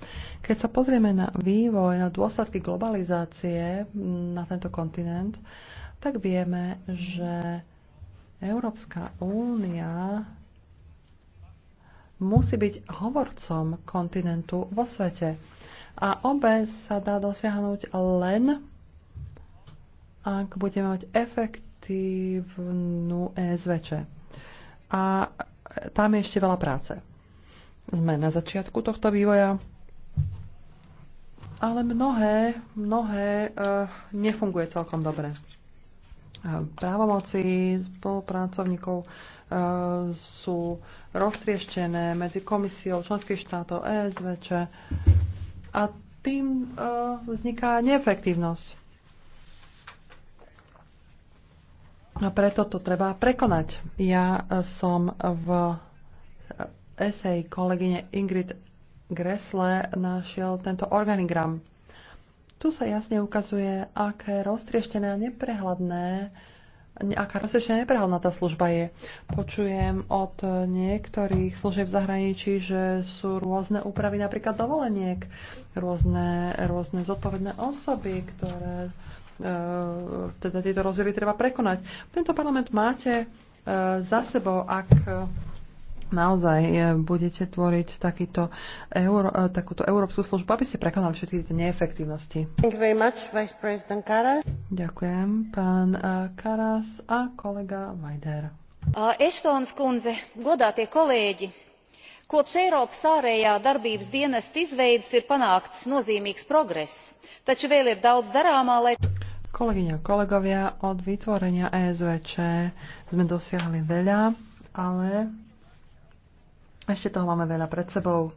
Keď sa pozrieme na vývoj, na dôsledky globalizácie mm, na tento kontinent, tak vieme, že Európska únia musí byť hovorcom kontinentu vo svete. A obe sa dá dosiahnuť len, ak budeme mať efektívnu ESVČ a tam je ešte veľa práce. Sme na začiatku tohto vývoja, ale mnohé, mnohé eh, nefunguje celkom dobre. Právomoci spolupracovníkov eh, sú roztrieštené medzi komisiou členských štátov ESVČ a tým eh, vzniká neefektívnosť A preto to treba prekonať. Ja som v esej kolegyne Ingrid Gressle našiel tento organigram. Tu sa jasne ukazuje, aké roztrieštené a neprehľadné aká rozsiešia neprehľadná tá služba je. Počujem od niektorých služieb v zahraničí, že sú rôzne úpravy napríklad dovoleniek, rôzne, rôzne zodpovedné osoby, ktoré E, teda tieto rozdiely treba prekonať. Tento parlament máte e, za sebou, ak naozaj e, budete tvoriť takýto euro, takúto európsku službu, aby ste prekonali všetky tieto neefektívnosti. Much, Ďakujem, pán Karas a kolega Vajder. Eštons kundze, godáte kolegi, kopš eiropas ārējā darbības dienesta izveides ir panākts nozīmīgs progress taču vēl ir daudz darāmā lai. Kolegyňa, kolegovia, od vytvorenia ESVČ sme dosiahli veľa, ale ešte toho máme veľa pred sebou.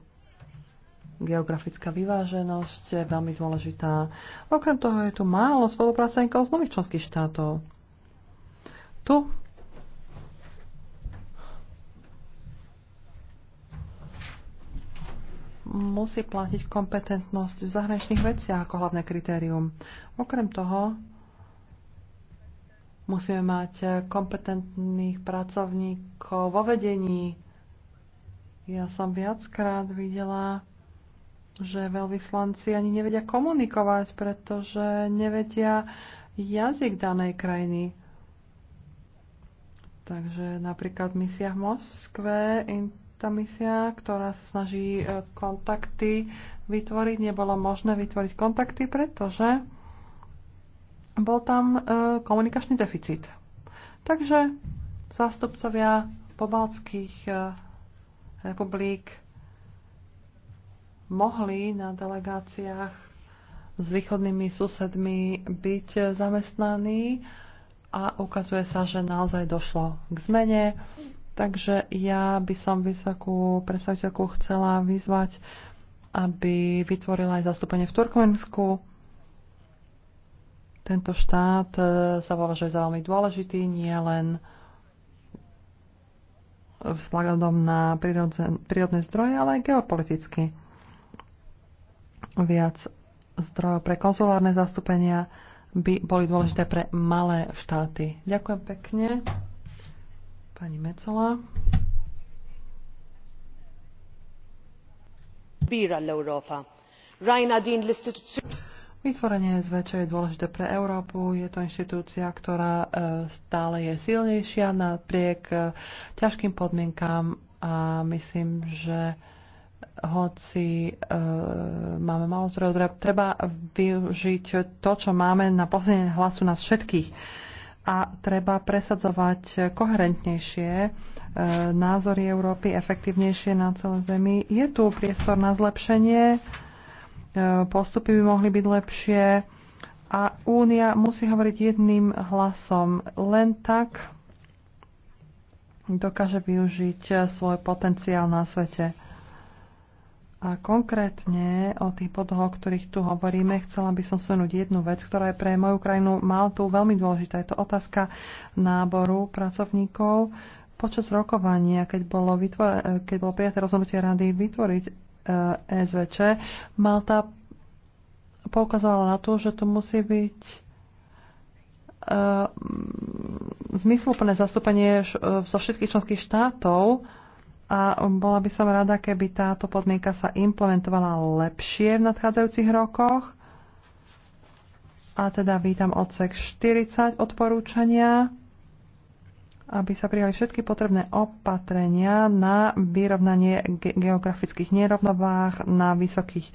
Geografická vyváženosť je veľmi dôležitá. Okrem toho je tu málo spolupracovníkov z nových členských štátov. Tu musí platiť kompetentnosť v zahraničných veciach ako hlavné kritérium. Okrem toho musíme mať kompetentných pracovníkov vo vedení. Ja som viackrát videla, že veľvyslanci ani nevedia komunikovať, pretože nevedia jazyk danej krajiny. Takže napríklad misia v Moskve, in, tá misia, ktorá sa snaží e, kontakty vytvoriť. Nebolo možné vytvoriť kontakty, pretože bol tam e, komunikačný deficit. Takže zástupcovia pobaltských e, republik mohli na delegáciách s východnými susedmi byť zamestnaní a ukazuje sa, že naozaj došlo k zmene. Takže ja by som vysokú predstaviteľku chcela vyzvať, aby vytvorila aj zastúpenie v Turkmensku. Tento štát e, sa považuje za veľmi dôležitý, nie len vzhľadom na prírodné zdroje, ale aj geopoliticky. Viac zdrojov pre konzulárne zastúpenia by boli dôležité pre malé štáty. Ďakujem pekne. Pani Mecola. Vytvorenie SVČ je dôležité pre Európu. Je to inštitúcia, ktorá e, stále je silnejšia napriek e, ťažkým podmienkám a myslím, že hoci e, máme malo zdrojov, treba využiť to, čo máme na posilnenie hlasu nás všetkých. E, a treba presadzovať koherentnejšie e, názory Európy, efektívnejšie na celé Zemi. Je tu priestor na zlepšenie, e, postupy by mohli byť lepšie a Únia musí hovoriť jedným hlasom. Len tak dokáže využiť svoj potenciál na svete. A konkrétne o tých podoch, o ktorých tu hovoríme, chcela by som svenúť jednu vec, ktorá je pre moju krajinu Maltu veľmi dôležitá. Je to otázka náboru pracovníkov. Počas rokovania, keď bolo, vytvor- keď bolo prijaté rozhodnutie rady vytvoriť e, SVČ, Malta poukazovala na to, že tu musí byť e, zmysluplné zastúpenie e, zo všetkých členských štátov, a bola by som rada, keby táto podmienka sa implementovala lepšie v nadchádzajúcich rokoch. A teda vítam odsek 40 odporúčania, aby sa prijali všetky potrebné opatrenia na vyrovnanie ge- geografických nerovnovách na vysokých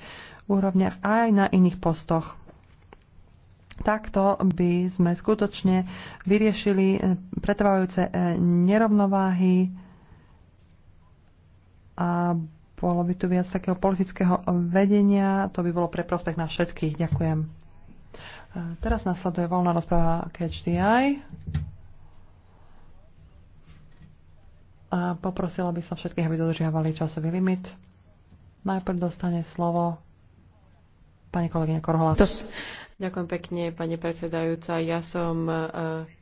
úrovniach aj na iných postoch. Takto by sme skutočne vyriešili pretrvajúce eh, nerovnováhy a bolo by tu viac takého politického vedenia. To by bolo pre prospech na všetkých. Ďakujem. Teraz nasleduje voľná rozpráva KHDI. A poprosila by som všetkých, aby dodržiavali časový limit. Najprv dostane slovo pani kolegyňa Korhola. Ďakujem pekne, pani predsedajúca. Ja som e,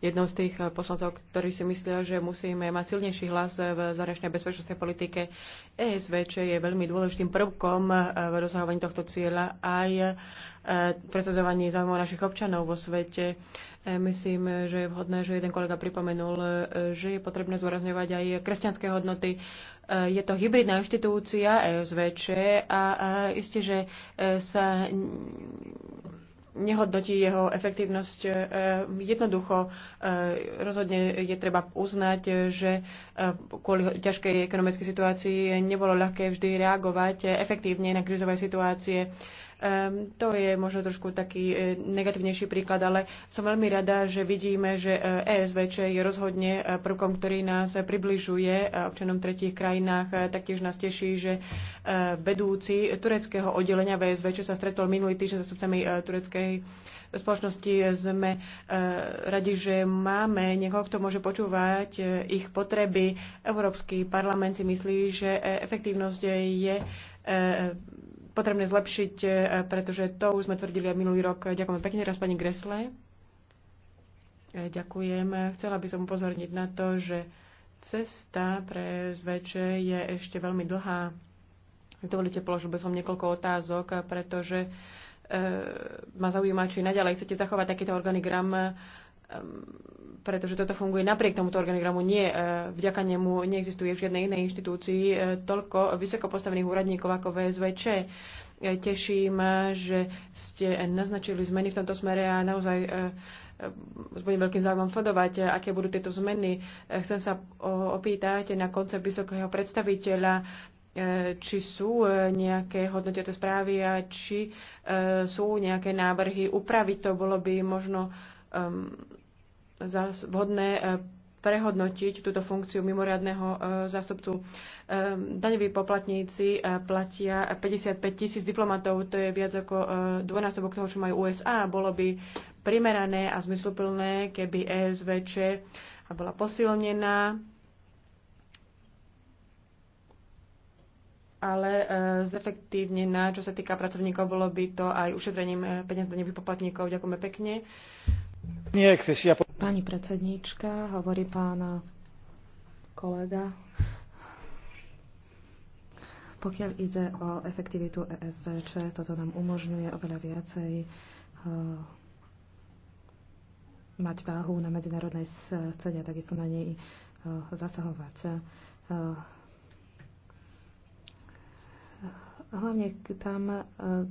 jednou z tých e, poslancov, ktorí si myslia, že musíme mať silnejší hlas v zahraničnej bezpečnostnej politike. E čo je veľmi dôležitým prvkom v dosahovaní tohto cieľa aj presadzovaní záujmov našich občanov vo svete. Myslím, že je vhodné, že jeden kolega pripomenul, že je potrebné zdôrazňovať aj kresťanské hodnoty. Je to hybridná inštitúcia ESVČ a isté, že sa nehodnotí jeho efektívnosť. E, jednoducho e, rozhodne je treba uznať, že e, kvôli ťažkej ekonomickej situácii nebolo ľahké vždy reagovať efektívne na krizové situácie. Um, to je možno trošku taký e, negatívnejší príklad, ale som veľmi rada, že vidíme, že ESVČ e je rozhodne e, prvkom, ktorý nás približuje e, občanom tretích krajinách. Taktiež nás teší, že vedúci tureckého oddelenia VSVČ sa stretol minulý týždeň s e, tureckej spoločnosti sme radi, že máme niekoho, kto môže počúvať ich potreby. Európsky parlament si myslí, že efektívnosť je potrebné zlepšiť, e, pretože to už sme tvrdili aj minulý rok. Ďakujem pekne raz pani Gresle. E, ďakujem. Chcela by som upozorniť na to, že cesta pre zväčše je ešte veľmi dlhá. Dovolite, položil by som niekoľko otázok, pretože e, ma zaujíma, či naďalej chcete zachovať takýto organigram. E, pretože toto funguje napriek tomuto organigramu, nie e, vďaka nemu neexistuje v žiadnej inej inštitúcii e, toľko vysoko postavených úradníkov ako VSVČ. E, teším, že ste naznačili zmeny v tomto smere a naozaj s budem veľkým záujmom sledovať, aké budú tieto zmeny. Chcem sa opýtať na koncept vysokého predstaviteľa, či sú nejaké hodnotiace správy a či sú nejaké návrhy upraviť to. Bolo by možno za vhodné e, prehodnotiť túto funkciu mimoriadného e, zástupcu. E, daňoví poplatníci platia 55 tisíc diplomatov, to je viac ako dvojnásobok toho, čo majú USA. Bolo by primerané a zmysluplné, keby ESVČ bola posilnená, ale zefektívnená, čo sa týka pracovníkov, bolo by to aj ušetrením peniaz daňových poplatníkov. Ďakujeme pekne. Nie, Pani predsedníčka, hovorí pána kolega, pokiaľ ide o efektivitu ESVČ, toto nám umožňuje oveľa viacej eh, mať váhu na medzinárodnej scéne a takisto menej eh, zasahovať eh, hlavne tam, e,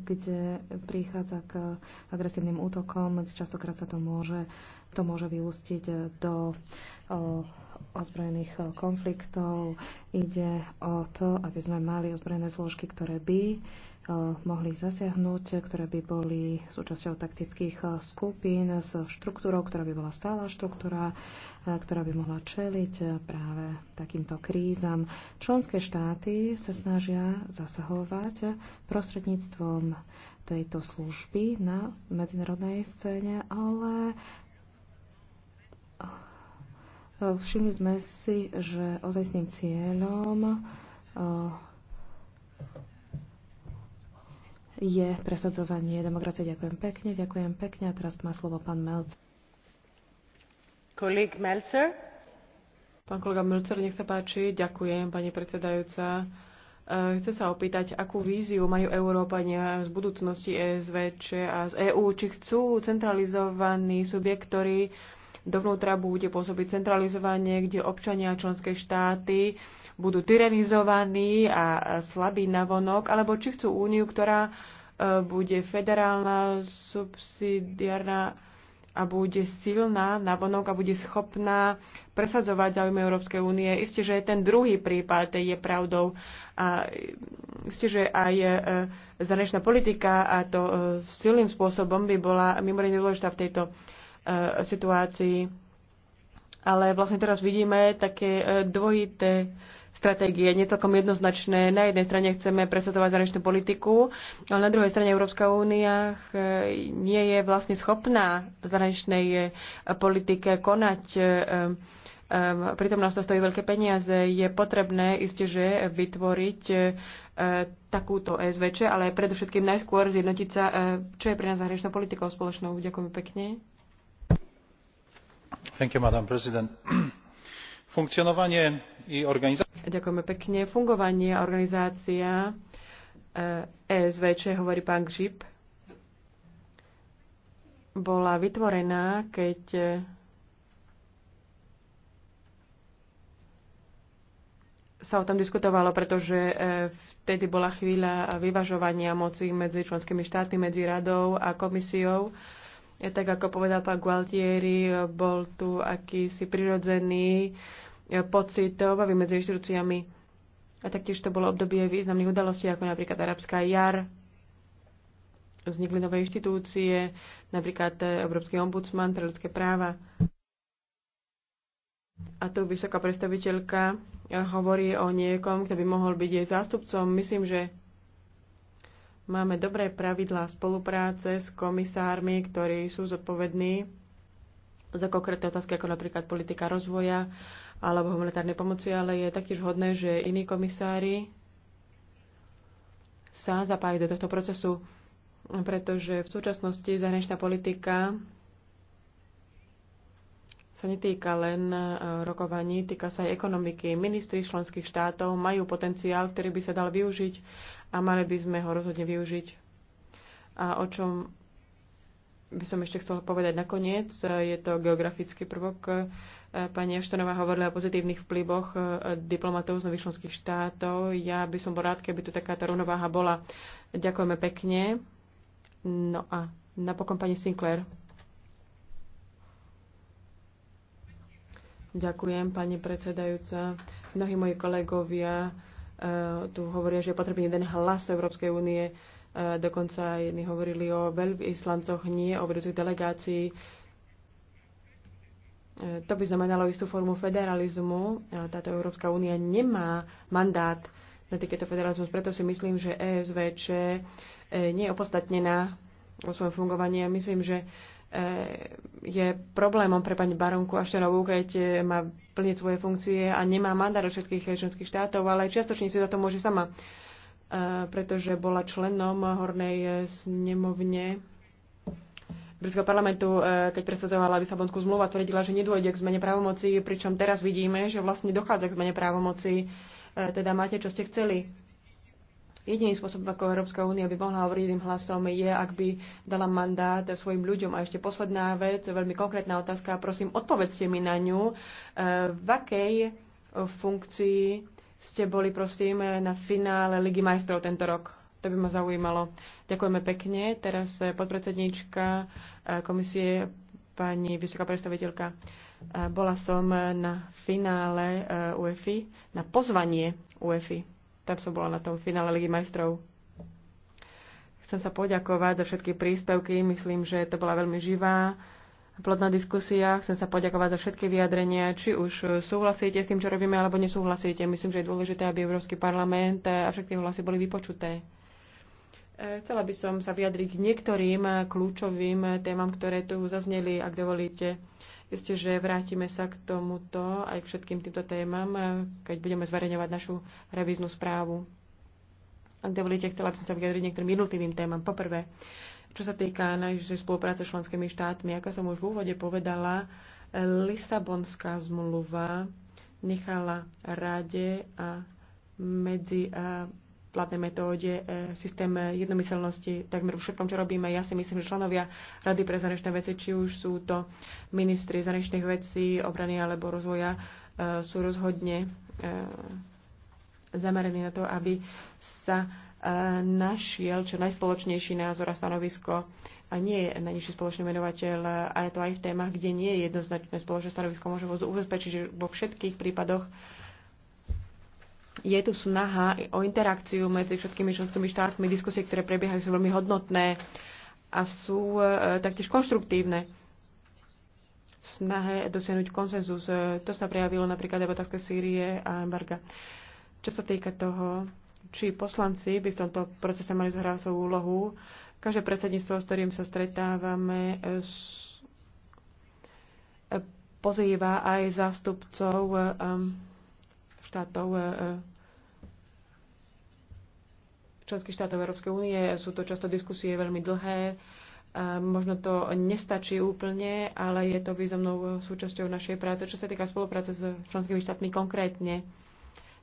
kde prichádza k agresívnym útokom, častokrát sa to môže, to môže vyústiť do e, ozbrojených e, konfliktov. Ide o to, aby sme mali ozbrojené zložky, ktoré by E, mohli zasiahnuť, ktoré by boli súčasťou taktických e, skupín s štruktúrou, ktorá by bola stála štruktúra, e, ktorá by mohla čeliť práve takýmto krízam. Členské štáty sa snažia zasahovať prostredníctvom tejto služby na medzinárodnej scéne, ale všimli sme si, že ozajstným cieľom je presadzovanie demokracie. Ďakujem pekne, ďakujem pekne. A teraz má slovo pán Melc. Kolik Melcer? Pán kolega Melcer, nech sa páči. Ďakujem, pani predsedajúca. E, chcem sa opýtať, akú víziu majú Európania z budúcnosti e či a z EÚ. Či chcú centralizovaný subjekt, ktorý dovnútra bude pôsobiť centralizovanie, kde občania a členské štáty budú tyranizovaní a slabí navonok, alebo či chcú úniu, ktorá e, bude federálna, subsidiárna a bude silná navonok a bude schopná presadzovať záujmy Európskej únie. Isté, že ten druhý prípad je pravdou a isté, že aj e, zahraničná politika a to e, silným spôsobom by bola mimoriadne dôležitá v tejto situácii. Ale vlastne teraz vidíme také dvojité stratégie nie celkom jednoznačné. Na jednej strane chceme presadzovať zahraničnú politiku, ale na druhej strane Európska únia eh, nie je vlastne schopná v zahraničnej eh, politike konať. Eh, pritom nás to stojí veľké peniaze. Je potrebné isté, že vytvoriť takúto SVČ, ale predovšetkým najskôr zjednotiť sa, čo je pre nás zahraničnou politikou spoločnou. Ďakujem pekne. Thank you, Madam President. Funkcionovanie i Ďakujeme pekne. Fungovanie organizácia ESVČ, eh, e hovorí pán Gžip, bola vytvorená, keď eh, sa o tom diskutovalo, pretože eh, vtedy bola chvíľa vyvažovania moci medzi členskými štátmi, medzi radou a komisiou. Tak ako povedal pán Gualtieri, bol tu akýsi prirodzený pocit obavy medzi inštitúciami. A taktiež to bolo obdobie významných udalostí, ako napríklad arabská jar. Vznikli nové inštitúcie, napríklad e, Európsky ombudsman pre ľudské práva. A tu vysoká predstaviteľka e, hovorí o niekom, kto by mohol byť jej zástupcom. Myslím, že máme dobré pravidlá spolupráce s komisármi, ktorí sú zodpovední za konkrétne otázky ako napríklad politika rozvoja alebo humanitárnej pomoci, ale je taktiež hodné, že iní komisári sa zapájajú do tohto procesu, pretože v súčasnosti zahraničná politika sa netýka len e, rokovaní, týka sa aj ekonomiky. Ministri členských štátov majú potenciál, ktorý by sa dal využiť a mali by sme ho rozhodne využiť. A o čom by som ešte chcela povedať nakoniec. Je to geografický prvok. Pani Aštonová hovorila o pozitívnych vplyvoch e, diplomatov z nových členských štátov. Ja by som bol rád, keby tu taká tá rovnováha bola. Ďakujeme pekne. No a napokon pani Sinclair. Ďakujem, pani predsedajúca. Mnohí moji kolegovia e, tu hovoria, že je potrebný jeden hlas Európskej únie. Eh, dokonca aj jedni hovorili o veľvyslancoch, nie o vedúcich delegácií. Eh, to by znamenalo istú formu federalizmu. Eh, táto Európska únia nemá mandát na takéto federalizmus, preto si myslím, že ESVČ nie je opodstatnená vo svojom fungovaní Ja myslím, že je problémom pre pani baronku Aštenovú, keď má plniť svoje funkcie a nemá mandát od všetkých členských štátov, ale aj čiastočne si za to môže sama pretože bola členom Hornej snemovne britského parlamentu, e, keď predstavovala Lisabonskú zmluvu a tvrdila, že nedôjde k zmene právomoci, pričom teraz vidíme, že vlastne dochádza k zmene právomoci, e, teda máte, čo ste chceli. Jediný spôsob, ako Európska únia by mohla hovoriť jedným hlasom, je, ak by dala mandát svojim ľuďom. A ešte posledná vec, veľmi konkrétna otázka, prosím, odpovedzte mi na ňu. E, v akej funkcii ste boli prosím na finále Ligy majstrov tento rok. To by ma zaujímalo. Ďakujeme pekne. Teraz eh, podpredsedníčka eh, komisie pani vysoká predstaviteľka. Eh, bola som na finále UEFI, na pozvanie UEFI. Tam som bola na tom finále Ligy majstrov. Chcem sa poďakovať za všetky príspevky. Myslím, že to bola veľmi živá plodná diskusia. Chcem sa poďakovať za všetky vyjadrenia, či už súhlasíte s tým, čo robíme, alebo nesúhlasíte. Myslím, že je dôležité, aby Európsky parlament a všetky hlasy boli vypočuté. E, chcela by som sa vyjadriť k niektorým kľúčovým témam, ktoré tu zazneli, ak dovolíte. Isté, že vrátime sa k tomuto aj k všetkým týmto témam, e, keď budeme zverejňovať našu revíznu správu. Ak dovolíte, chcela by som sa vyjadriť niektorým jednotlivým témam. Poprvé, čo sa týka najvyššej spolupráce s členskými štátmi, ako som už v úvode povedala, Lisabonská zmluva nechala rade a medzi a platné metóde e, systém jednomyselnosti takmer všetkom, čo robíme. Ja si myslím, že členovia Rady pre zahraničné veci, či už sú to ministri zahraničných vecí, obrany alebo rozvoja, e, sú rozhodne e, zameraní na to, aby sa našiel čo najspoločnejší názor a stanovisko a nie je najnižší spoločný menovateľ a je to aj v témach, kde nie je jednoznačné spoločné stanovisko. Môžem vás ubezpečiť, že vo všetkých prípadoch je tu snaha o interakciu medzi všetkými členskými štátmi. Diskusie, ktoré prebiehajú, sú veľmi hodnotné a sú e, taktiež konštruktívne v snahe dosiahnuť konsenzus. E, to sa prejavilo napríklad aj v otázke Sýrie a embarga. Čo sa týka toho, či poslanci by v tomto procese mali zohrávať svoju úlohu. Každé predsedníctvo, s ktorým sa stretávame, pozýva aj zástupcov eh, štátov eh, eh, členských štátov Európskej únie. Sú to často diskusie veľmi dlhé. Možno to nestačí úplne, ale je to významnou súčasťou našej práce, čo sa týka spolupráce s členskými štátmi konkrétne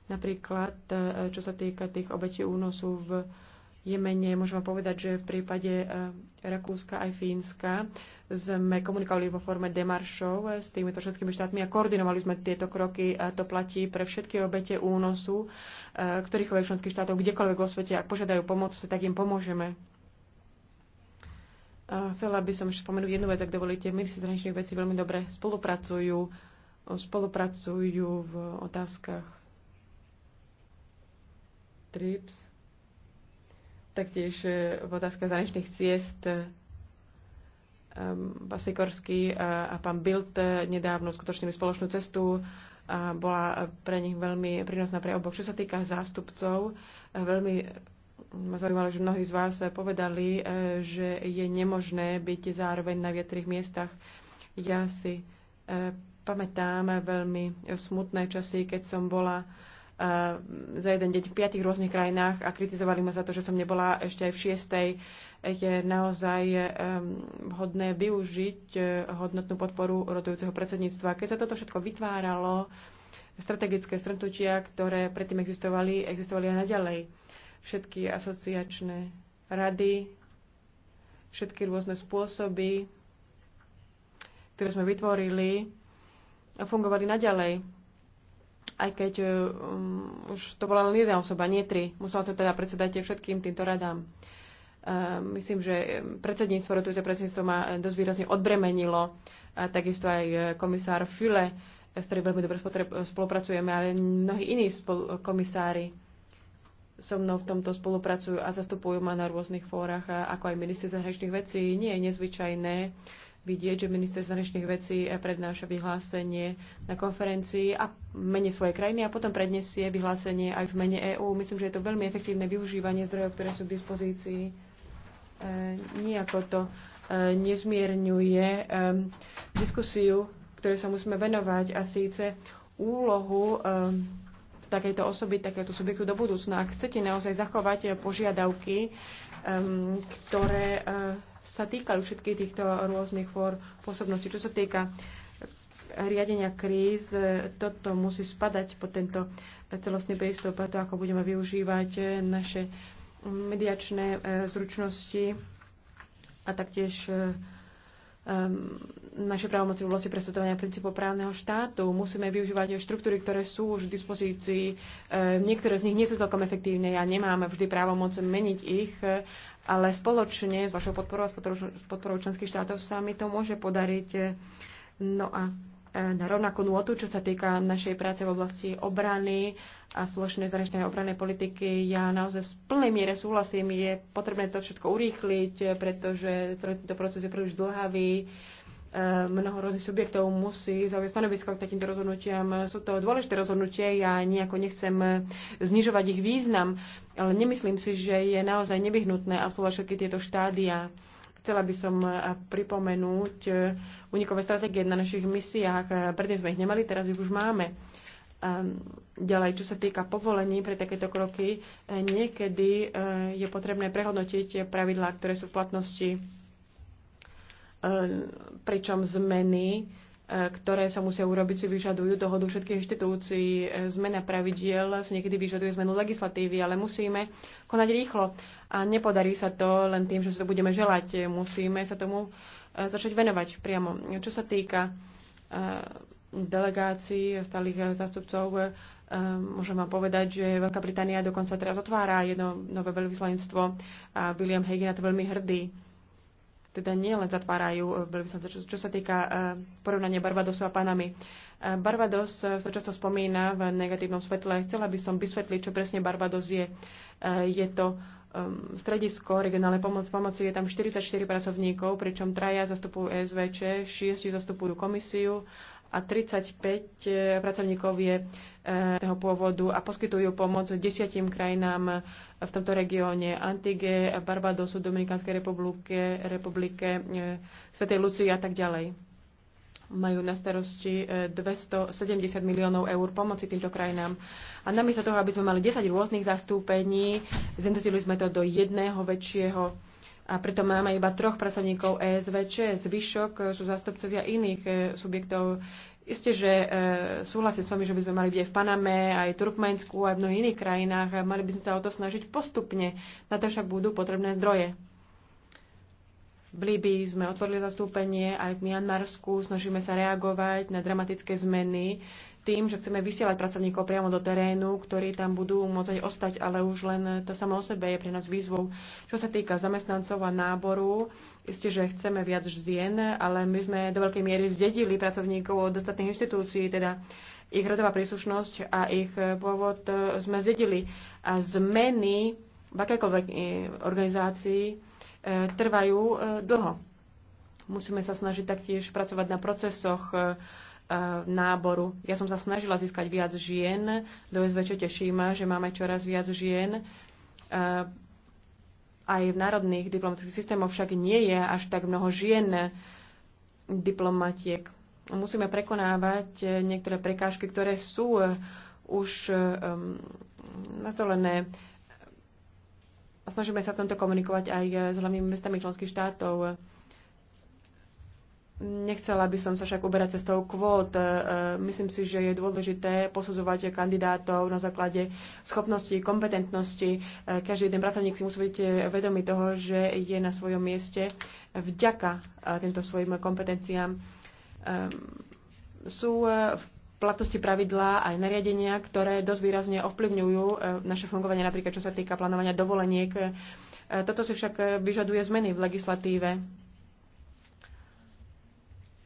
Napríklad, e, čo sa týka tých obetí únosu v Jemene, môžem vám povedať, že v prípade e, Rakúska aj Fínska sme komunikovali vo forme demaršov e, s týmito všetkými štátmi a koordinovali sme tieto kroky. A to platí pre všetky obete únosu, ktorýchkoľvek členských štátov, kdekoľvek vo svete, ak požiadajú pomoc, tak im pomôžeme. Chcela by som ešte spomenúť jednu vec, ak dovolíte. si zahraničných vecí veľmi dobre spolupracujú, spolupracujú v otázkach TRIPS, taktiež e, v otázka zahraničných ciest Vasikorský e, a pán Bild e, nedávno skutočnili spoločnú cestu a bola pre nich veľmi prínosná pre oboch. Čo sa týka zástupcov, veľmi ma zaujímalo, že mnohí z vás povedali, že je nemožné byť zároveň na viacerých miestach. Ja si pamätám veľmi smutné časy, keď som bola Eh, za jeden deň v piatich rôznych krajinách a kritizovali ma za to, že som nebola ešte aj v šiestej. Je naozaj eh, hodné využiť eh, hodnotnú podporu rodujúceho predsedníctva. Keď sa toto všetko vytváralo, strategické stretnutia, ktoré predtým existovali, existovali aj naďalej. Všetky asociačné rady, všetky rôzne spôsoby, ktoré sme vytvorili, fungovali naďalej aj keď e, um, už to bola len jedna osoba, nie tri. Musela to teda predsedať všetkým týmto radám. Uh, myslím, že e, predsedníctvo, rotujúce predsedníctvo ma dosť výrazne odbremenilo, a takisto aj komisár Füle, s ktorým veľmi dobre spolupracujeme, ale mnohí iní komisári so mnou v tomto spolupracujú a zastupujú ma na rôznych fórach, ako aj minister zahraničných vecí. Nie je nezvyčajné, vidieť, že minister zahraničných vecí prednáša vyhlásenie na konferencii a mene svojej krajiny a potom predniesie vyhlásenie aj v mene EÚ. Myslím, že je to veľmi efektívne využívanie zdrojov, ktoré sú k dispozícii. E, nijako to e, nezmierňuje e, diskusiu, ktoré sa musíme venovať a síce úlohu e, osoby, takéhoto subjektu do budúcna. Ak chcete naozaj zachovať požiadavky, um, ktoré e, sa týkajú všetkých týchto rôznych fór pôsobností. Čo sa týka riadenia kríz, toto musí spadať po tento celostný prístup a to, ako budeme využívať naše mediačné e, zručnosti a taktiež e, naše právomoci v oblasti presvedovania princípov právneho štátu. Musíme využívať štruktúry, ktoré sú už v dispozícii. E, niektoré z nich nie sú celkom efektívne a nemáme vždy právomoc meniť ich, ale spoločne s vašou podporou a s podporou členských štátov sa mi to môže podariť. No a e, na rovnakú nôtu, čo sa týka našej práce v oblasti obrany a spoločnej zahraničnej obrannej politiky. Ja naozaj v plnej miere súhlasím, je potrebné to všetko urýchliť, pretože tento proces je príliš dlhavý E, mnoho rôznych subjektov musí zaujať stanovisko k takýmto rozhodnutiam. Sú to dôležité rozhodnutie, ja nejako nechcem znižovať ich význam, ale nemyslím si, že je naozaj nevyhnutné absolvovať všetky tieto štádia. Chcela by som e, pripomenúť e, unikové stratégie na našich misiách. Predtým sme ich nemali, teraz ich už máme. Ďalej, čo sa týka povolení pre takéto kroky, niekedy je potrebné prehodnotiť pravidlá, ktoré sú v platnosti E, pričom zmeny, e, ktoré sa musia urobiť, si vyžadujú dohodu všetkých inštitúcií. E, zmena pravidiel si niekedy vyžaduje zmenu legislatívy, ale musíme konať rýchlo. A nepodarí sa to len tým, že sa to budeme želať. Musíme sa tomu začať venovať priamo. Čo sa týka delegácií a stálych zástupcov, môžem vám povedať, že Veľká Británia dokonca teraz otvára jedno nové veľvyslanectvo a William Hagen na to veľmi hrdý teda nielen zatvárajú e, som, čo, čo sa týka e, porovnania Barbadosu a Panamy. E, Barbados sa často spomína v negatívnom svetle. Chcela by som vysvetliť, čo presne Barbados je. Je to stredisko regionálnej pomoc, pomoci. Je tam 44 pracovníkov, pričom traja zastupujú ESVČ, 6 zastupujú komisiu a 35 pracovníkov je Eh, toho pôvodu a poskytujú pomoc desiatim krajinám v tomto regióne. Antige, Barbadosu, Dominikánskej republike, republike eh, Svetej Lucii a tak ďalej. Majú na starosti 270 eh, miliónov eur pomoci týmto krajinám. A namiesto toho, aby sme mali 10 rôznych zastúpení, zentotili sme to do jedného väčšieho a preto máme iba troch pracovníkov ESVČ. Zvyšok sú zastupcovia iných subjektov. Isté, že e, súhlasím s vami, že by sme mali byť aj v Paname, aj v Turkmensku, aj v mnohých iných krajinách. Mali by sme sa o to snažiť postupne. Na to však budú potrebné zdroje. V Líbii sme otvorili zastúpenie, aj v Mianmarsku snažíme sa reagovať na dramatické zmeny tým, že chceme vysielať pracovníkov priamo do terénu, ktorí tam budú môcť ostať, ale už len to samo o sebe je pre nás výzvou. Čo sa týka zamestnancov a náboru, isté, že chceme viac žien, ale my sme do veľkej miery zdedili pracovníkov od ostatných inštitúcií, teda ich rodová príslušnosť a ich pôvod e, sme zdedili. A zmeny v akékoľvek e, organizácii trvajú e, dlho. Musíme sa snažiť taktiež pracovať na procesoch e, e, náboru. Ja som sa snažila získať viac žien. Do SVČ teším, že máme čoraz viac žien. Aj v národných diplomatických systémoch však nie je až tak mnoho žien diplomatiek. Musíme prekonávať niektoré prekážky, ktoré sú už nastolené a snažíme sa v tomto komunikovať aj e, s hlavnými mestami členských štátov. Nechcela by som sa však uberať cestou kvót. E, e, myslím si, že je dôležité posudzovať kandidátov na základe schopnosti, kompetentnosti. Každý jeden pracovník si musí byť vedomý toho, že je na svojom mieste vďaka týmto svojim kompetenciám. Ehm, sú v platnosti pravidlá aj nariadenia, ktoré dosť výrazne ovplyvňujú e, naše fungovanie, napríklad čo sa týka plánovania dovoleniek. E, toto si však e, vyžaduje zmeny v legislatíve.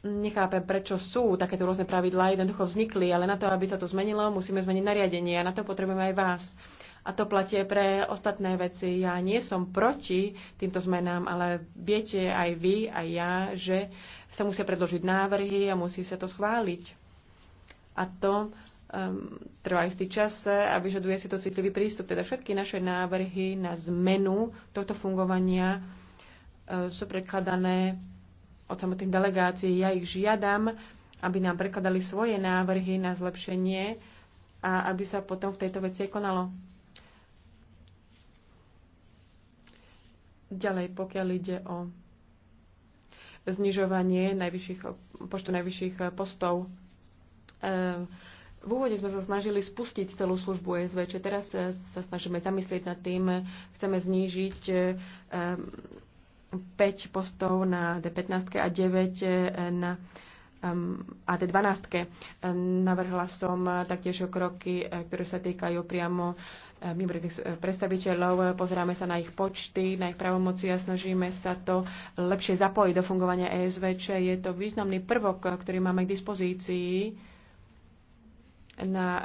Nechápem, prečo sú takéto rôzne pravidlá, jednoducho vznikli, ale na to, aby sa to zmenilo, musíme zmeniť nariadenie a na to potrebujeme aj vás. A to platie pre ostatné veci. Ja nie som proti týmto zmenám, ale viete aj vy, aj ja, že sa musia predložiť návrhy a musí sa to schváliť a to um, trvá istý čas a vyžaduje si to citlivý prístup. Teda všetky naše návrhy na zmenu tohto fungovania uh, sú prekladané od samotných delegácií. Ja ich žiadam, aby nám prekladali svoje návrhy na zlepšenie a aby sa potom v tejto veci konalo. Ďalej, pokiaľ ide o znižovanie najvyšších, počtu najvyšších postov. Ehm, v úvode sme sa snažili spustiť celú službu SVČ, teraz e, sa snažíme zamyslieť nad tým, chceme znížiť 5 ehm, postov na D15 a 9 e, na ehm, a D12. Navrhla som taktiež kroky, e, ktoré sa týkajú priamo mimoriadných predstaviteľov. Pozeráme sa na ich počty, na ich pravomoci a snažíme sa to lepšie zapojiť do fungovania čo Je to významný prvok, ktorý máme k dispozícii na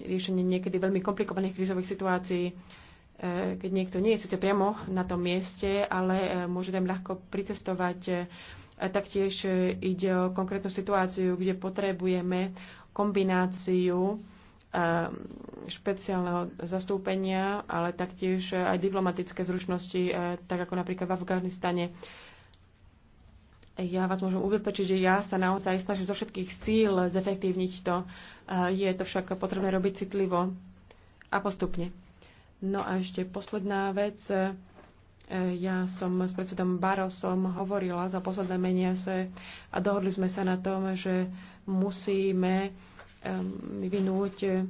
riešenie niekedy veľmi komplikovaných krízových situácií, e, keď niekto nie je síce priamo na tom mieste, ale e, môže tam ľahko pricestovať. E, taktiež ide o konkrétnu situáciu, kde potrebujeme kombináciu špeciálneho zastúpenia, ale taktiež aj diplomatické zručnosti, tak ako napríklad v Afganistane ja vás môžem ubezpečiť, že ja sa naozaj snažím zo všetkých síl zefektívniť to. Je to však potrebné robiť citlivo a postupne. No a ešte posledná vec. E, ja som s predsedom Barosom hovorila za posledné meniace a dohodli sme sa na tom, že musíme e, vyvinúť e,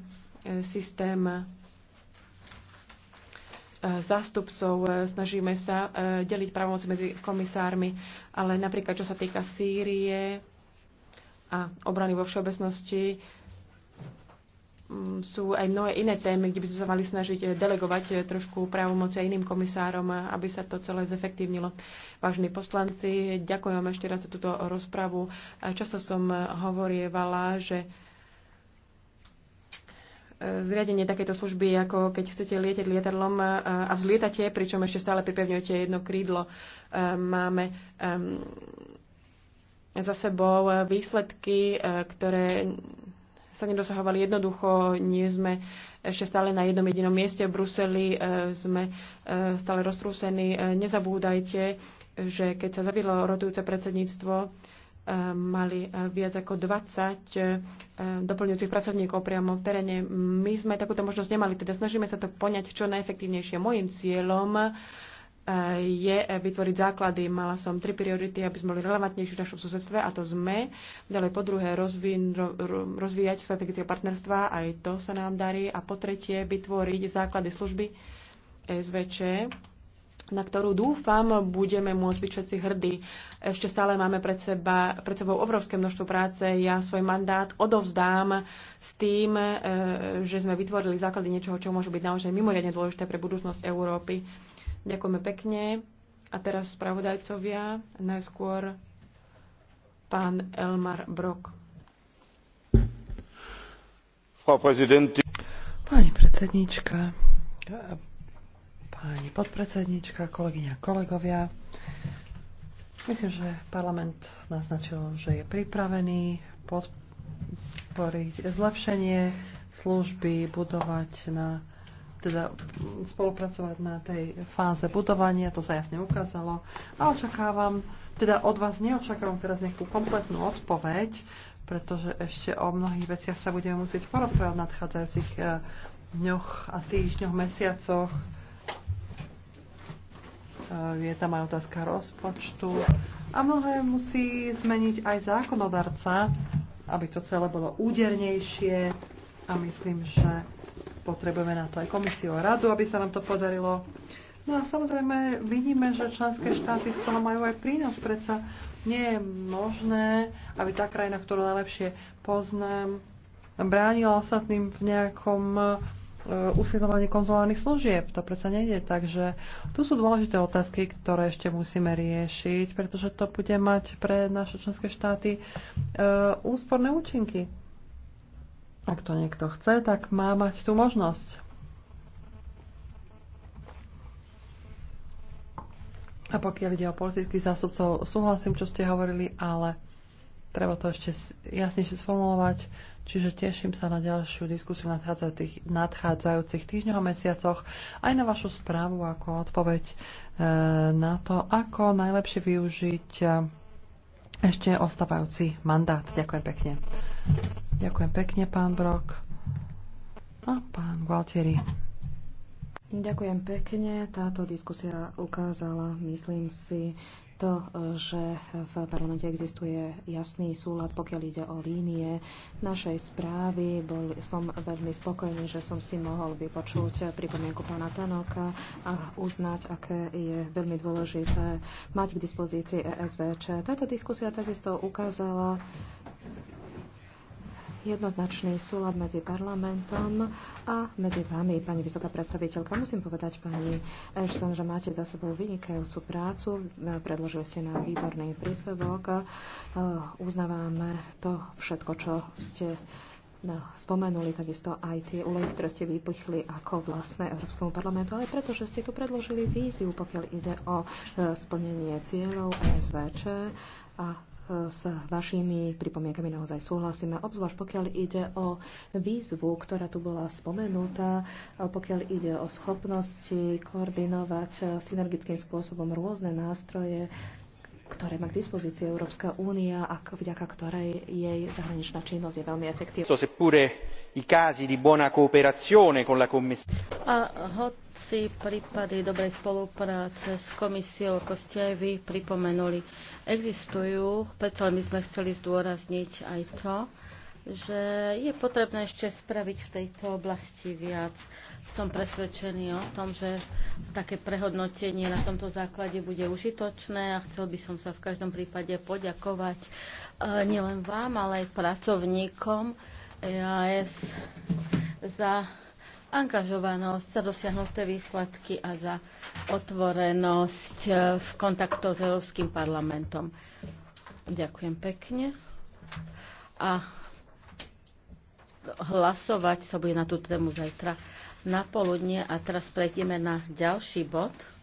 systém zástupcov, e, snažíme sa e, deliť pravomoc medzi komisármi, ale napríklad čo sa týka Sýrie a obrany vo všeobecnosti, mm, sú aj mnohé iné témy, kde by sme sa mali snažiť e, delegovať trošku právomoci aj iným komisárom, aby sa to celé zefektívnilo. Vážení poslanci, ďakujem vám ešte raz za túto rozpravu. Často som hovorievala, že zriadenie takéto služby, ako keď chcete lietať lietadlom e, a vzlietate, pričom ešte stále pripevňujete jedno krídlo. E, máme za sebou výsledky, e, ktoré sa nedosahovali jednoducho, nie sme ešte stále na jednom jedinom mieste v Bruseli, sme stále roztrúsení. Nezabúdajte, že keď sa zaviedlo rotujúce predsedníctvo, E, mali e, viac ako 20 e, doplňujúcich pracovníkov priamo v teréne. My sme takúto možnosť nemali, teda snažíme sa to poňať čo najefektívnejšie. Mojím cieľom je vytvoriť základy. Mala som tri priority, aby sme boli relevantnejší v našom susedstve a to sme. Ďalej po druhé rozvíj, rozvíjať strategické partnerstva, aj to sa nám darí. A po tretie vytvoriť základy služby SVČ, na ktorú dúfam budeme môcť byť všetci hrdí. Ešte stále máme pred, seba, pred sebou obrovské množstvo práce. Ja svoj mandát odovzdám s tým, e, že sme vytvorili základy niečoho, čo môže byť naozaj mimoriadne dôležité pre budúcnosť Európy. Ďakujeme pekne. A teraz spravodajcovia, najskôr pán Elmar Brok. Pani predsednička, pani podpredsednička, kolegyňa, kolegovia. Myslím, že parlament naznačil, že je pripravený podporiť zlepšenie služby, budovať na teda spolupracovať na tej fáze budovania, to sa jasne ukázalo. A očakávam, teda od vás neočakávam teraz nejakú kompletnú odpoveď, pretože ešte o mnohých veciach sa budeme musieť porozprávať v nadchádzajúcich eh, dňoch a týždňoch, mesiacoch. Eh, je tam aj otázka rozpočtu a mnohé musí zmeniť aj zákonodarca, aby to celé bolo údernejšie a myslím, že potrebujeme na to aj komisiu a radu, aby sa nám to podarilo. No a samozrejme vidíme, že členské štáty z toho majú aj prínos. Predsa nie je možné, aby tá krajina, ktorú najlepšie poznám, bránila ostatným v nejakom E, usilovanie konzulárnych služieb. To predsa nejde. Takže tu sú dôležité otázky, ktoré ešte musíme riešiť, pretože to bude mať pre naše členské štáty e, úsporné účinky. Ak to niekto chce, tak má mať tú možnosť. A pokiaľ ide o politických zástupcov, súhlasím, čo ste hovorili, ale treba to ešte jasnejšie sformulovať. Čiže teším sa na ďalšiu diskusiu v nadchádzajúcich, nadchádzajúcich týždňoch a mesiacoch, aj na vašu správu ako odpoveď e, na to, ako najlepšie využiť e, ešte ostávajúci mandát. Ďakujem pekne. Ďakujem pekne, pán Brok a pán Gualtieri. Ďakujem pekne. Táto diskusia ukázala, myslím si, to, že v parlamente existuje jasný súlad, pokiaľ ide o línie našej správy. Bol, som veľmi spokojný, že som si mohol vypočuť pripomienku pána Tanoka a uznať, aké je veľmi dôležité mať k dispozícii ESVČ. Táto diskusia takisto ukázala, jednoznačný súlad medzi parlamentom a medzi vami, pani vysoká predstaviteľka. Musím povedať, pani Ashton, že máte za sebou vynikajúcu prácu. Predložili ste nám výborný príspevok. E, Uznávame to všetko, čo ste No, spomenuli takisto aj tie úlohy, ktoré ste vypichli ako vlastné Európskemu parlamentu, ale pretože ste tu predložili víziu, pokiaľ ide o e, splnenie cieľov ESVČ a s vašimi pripomienkami naozaj súhlasíme, obzvlášť pokiaľ ide o výzvu, ktorá tu bola spomenutá, pokiaľ ide o schopnosti koordinovať synergickým spôsobom rôzne nástroje, ktoré má k dispozícii Európska únia a vďaka ktorej jej zahraničná činnosť je veľmi efektívna. A si prípady dobrej spolupráce s komisiou, ako ste aj vy pripomenuli, existujú, preto my sme chceli zdôrazniť aj to, že je potrebné ešte spraviť v tejto oblasti viac. Som presvedčený o tom, že také prehodnotenie na tomto základe bude užitočné a chcel by som sa v každom prípade poďakovať eh, nielen vám, ale aj pracovníkom EAS za angažovanosť za dosiahnuté výsledky a za otvorenosť eh, v kontaktoch s Európskym parlamentom. Ďakujem pekne. A hlasovať sa bude na tú tému zajtra na poludne. A teraz prejdeme na ďalší bod.